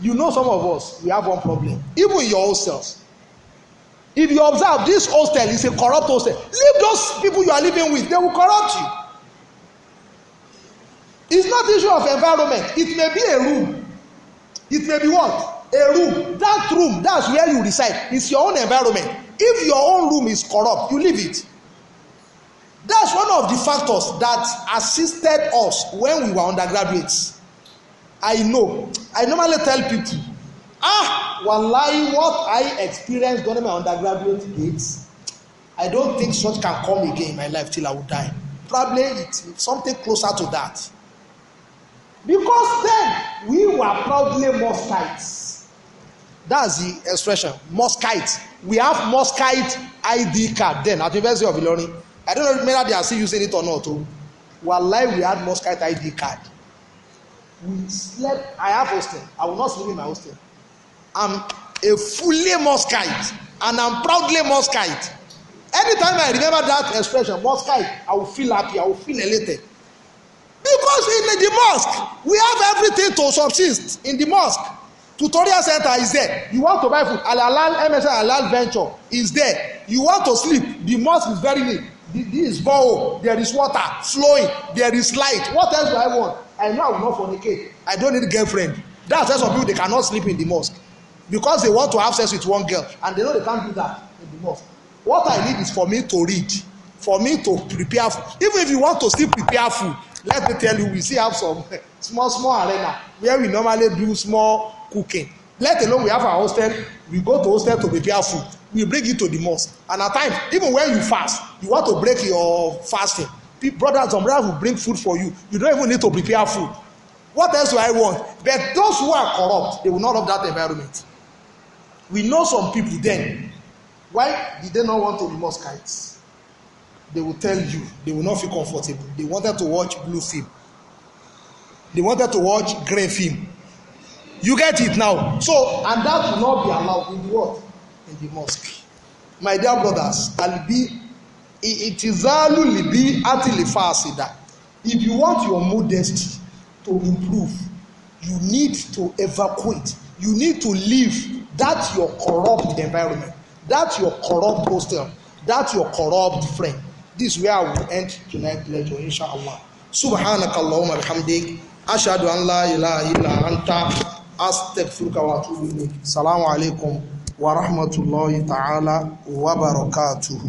You know, some of us, we have one problem. Even your hostels. If you observe this hostel is a corrupt hostel, leave those people you are living with, they will corrupt you. It's not issue of environment. It may be a room. It may be what? A room. That room, that's where you reside. It's your own environment. If your own room is corrupt, you leave it that's one of the factors that assisted us when we were undergraduates i know i normally tell people ah wallahi what i experienced during my undergraduate days i don't think such can come again in my life till i will die probably it's something closer to that because then we were probably muskites that's the expression muskite we have muskite id card then at university of ilorin I don't know whether they are still using it or not. Oh. Wallahi, we had Moscow ID card. We slept. I have hostel. I will not sleep in my hostel. I'm a fully Moscite and I'm proudly Moscite. Anytime I remember that expression, Moscite, I will feel happy. I will feel elated. Because in the mosque, we have everything to subsist in the mosque. Tutorial center is there. You want to buy food, Alalal Halal MSN Al Halal Venture is there. You want to sleep, the mosque is very near. This bowl, There is water flowing. There is light. What else do I want? I know I will not fornicate. I don't need girlfriend. That's why some people they cannot sleep in the mosque because they want to have sex with one girl and they know they can't do that in the mosque. What I need is for me to read, for me to prepare food. Even if you want to still prepare food, let me tell you, we still have some small, small arena where we normally do small cooking. Let alone we have our hostel, we go to hostel to prepare food. We bring you to the mosque and at times even when you fast you want to break your fasting brothers and brothers will bring food for you you don't even need to prepare food what else do I want but those who are corrupt they will not love that environment we know some people then why did they not want to be mosquites they will tell you they will not feel comfortable they wanted to watch blue film they wanted to watch grey film you get it now so and that will not be allowed in the world in the mosque. My dear brothers, Albi, it is libi atilifasida. If you want your modesty to improve, you need to evacuate. You need to leave that your corrupt environment, that your corrupt hostel, that your corrupt friend. This is where I will end tonight's lecture, inshallah. سبحانك اللهم وبحمدك أشهد أن لا إله إلا أنت أستغفرك وأتوب إليك السلام عليكم wa rahmatulahi ta'ala wa barakatuhu.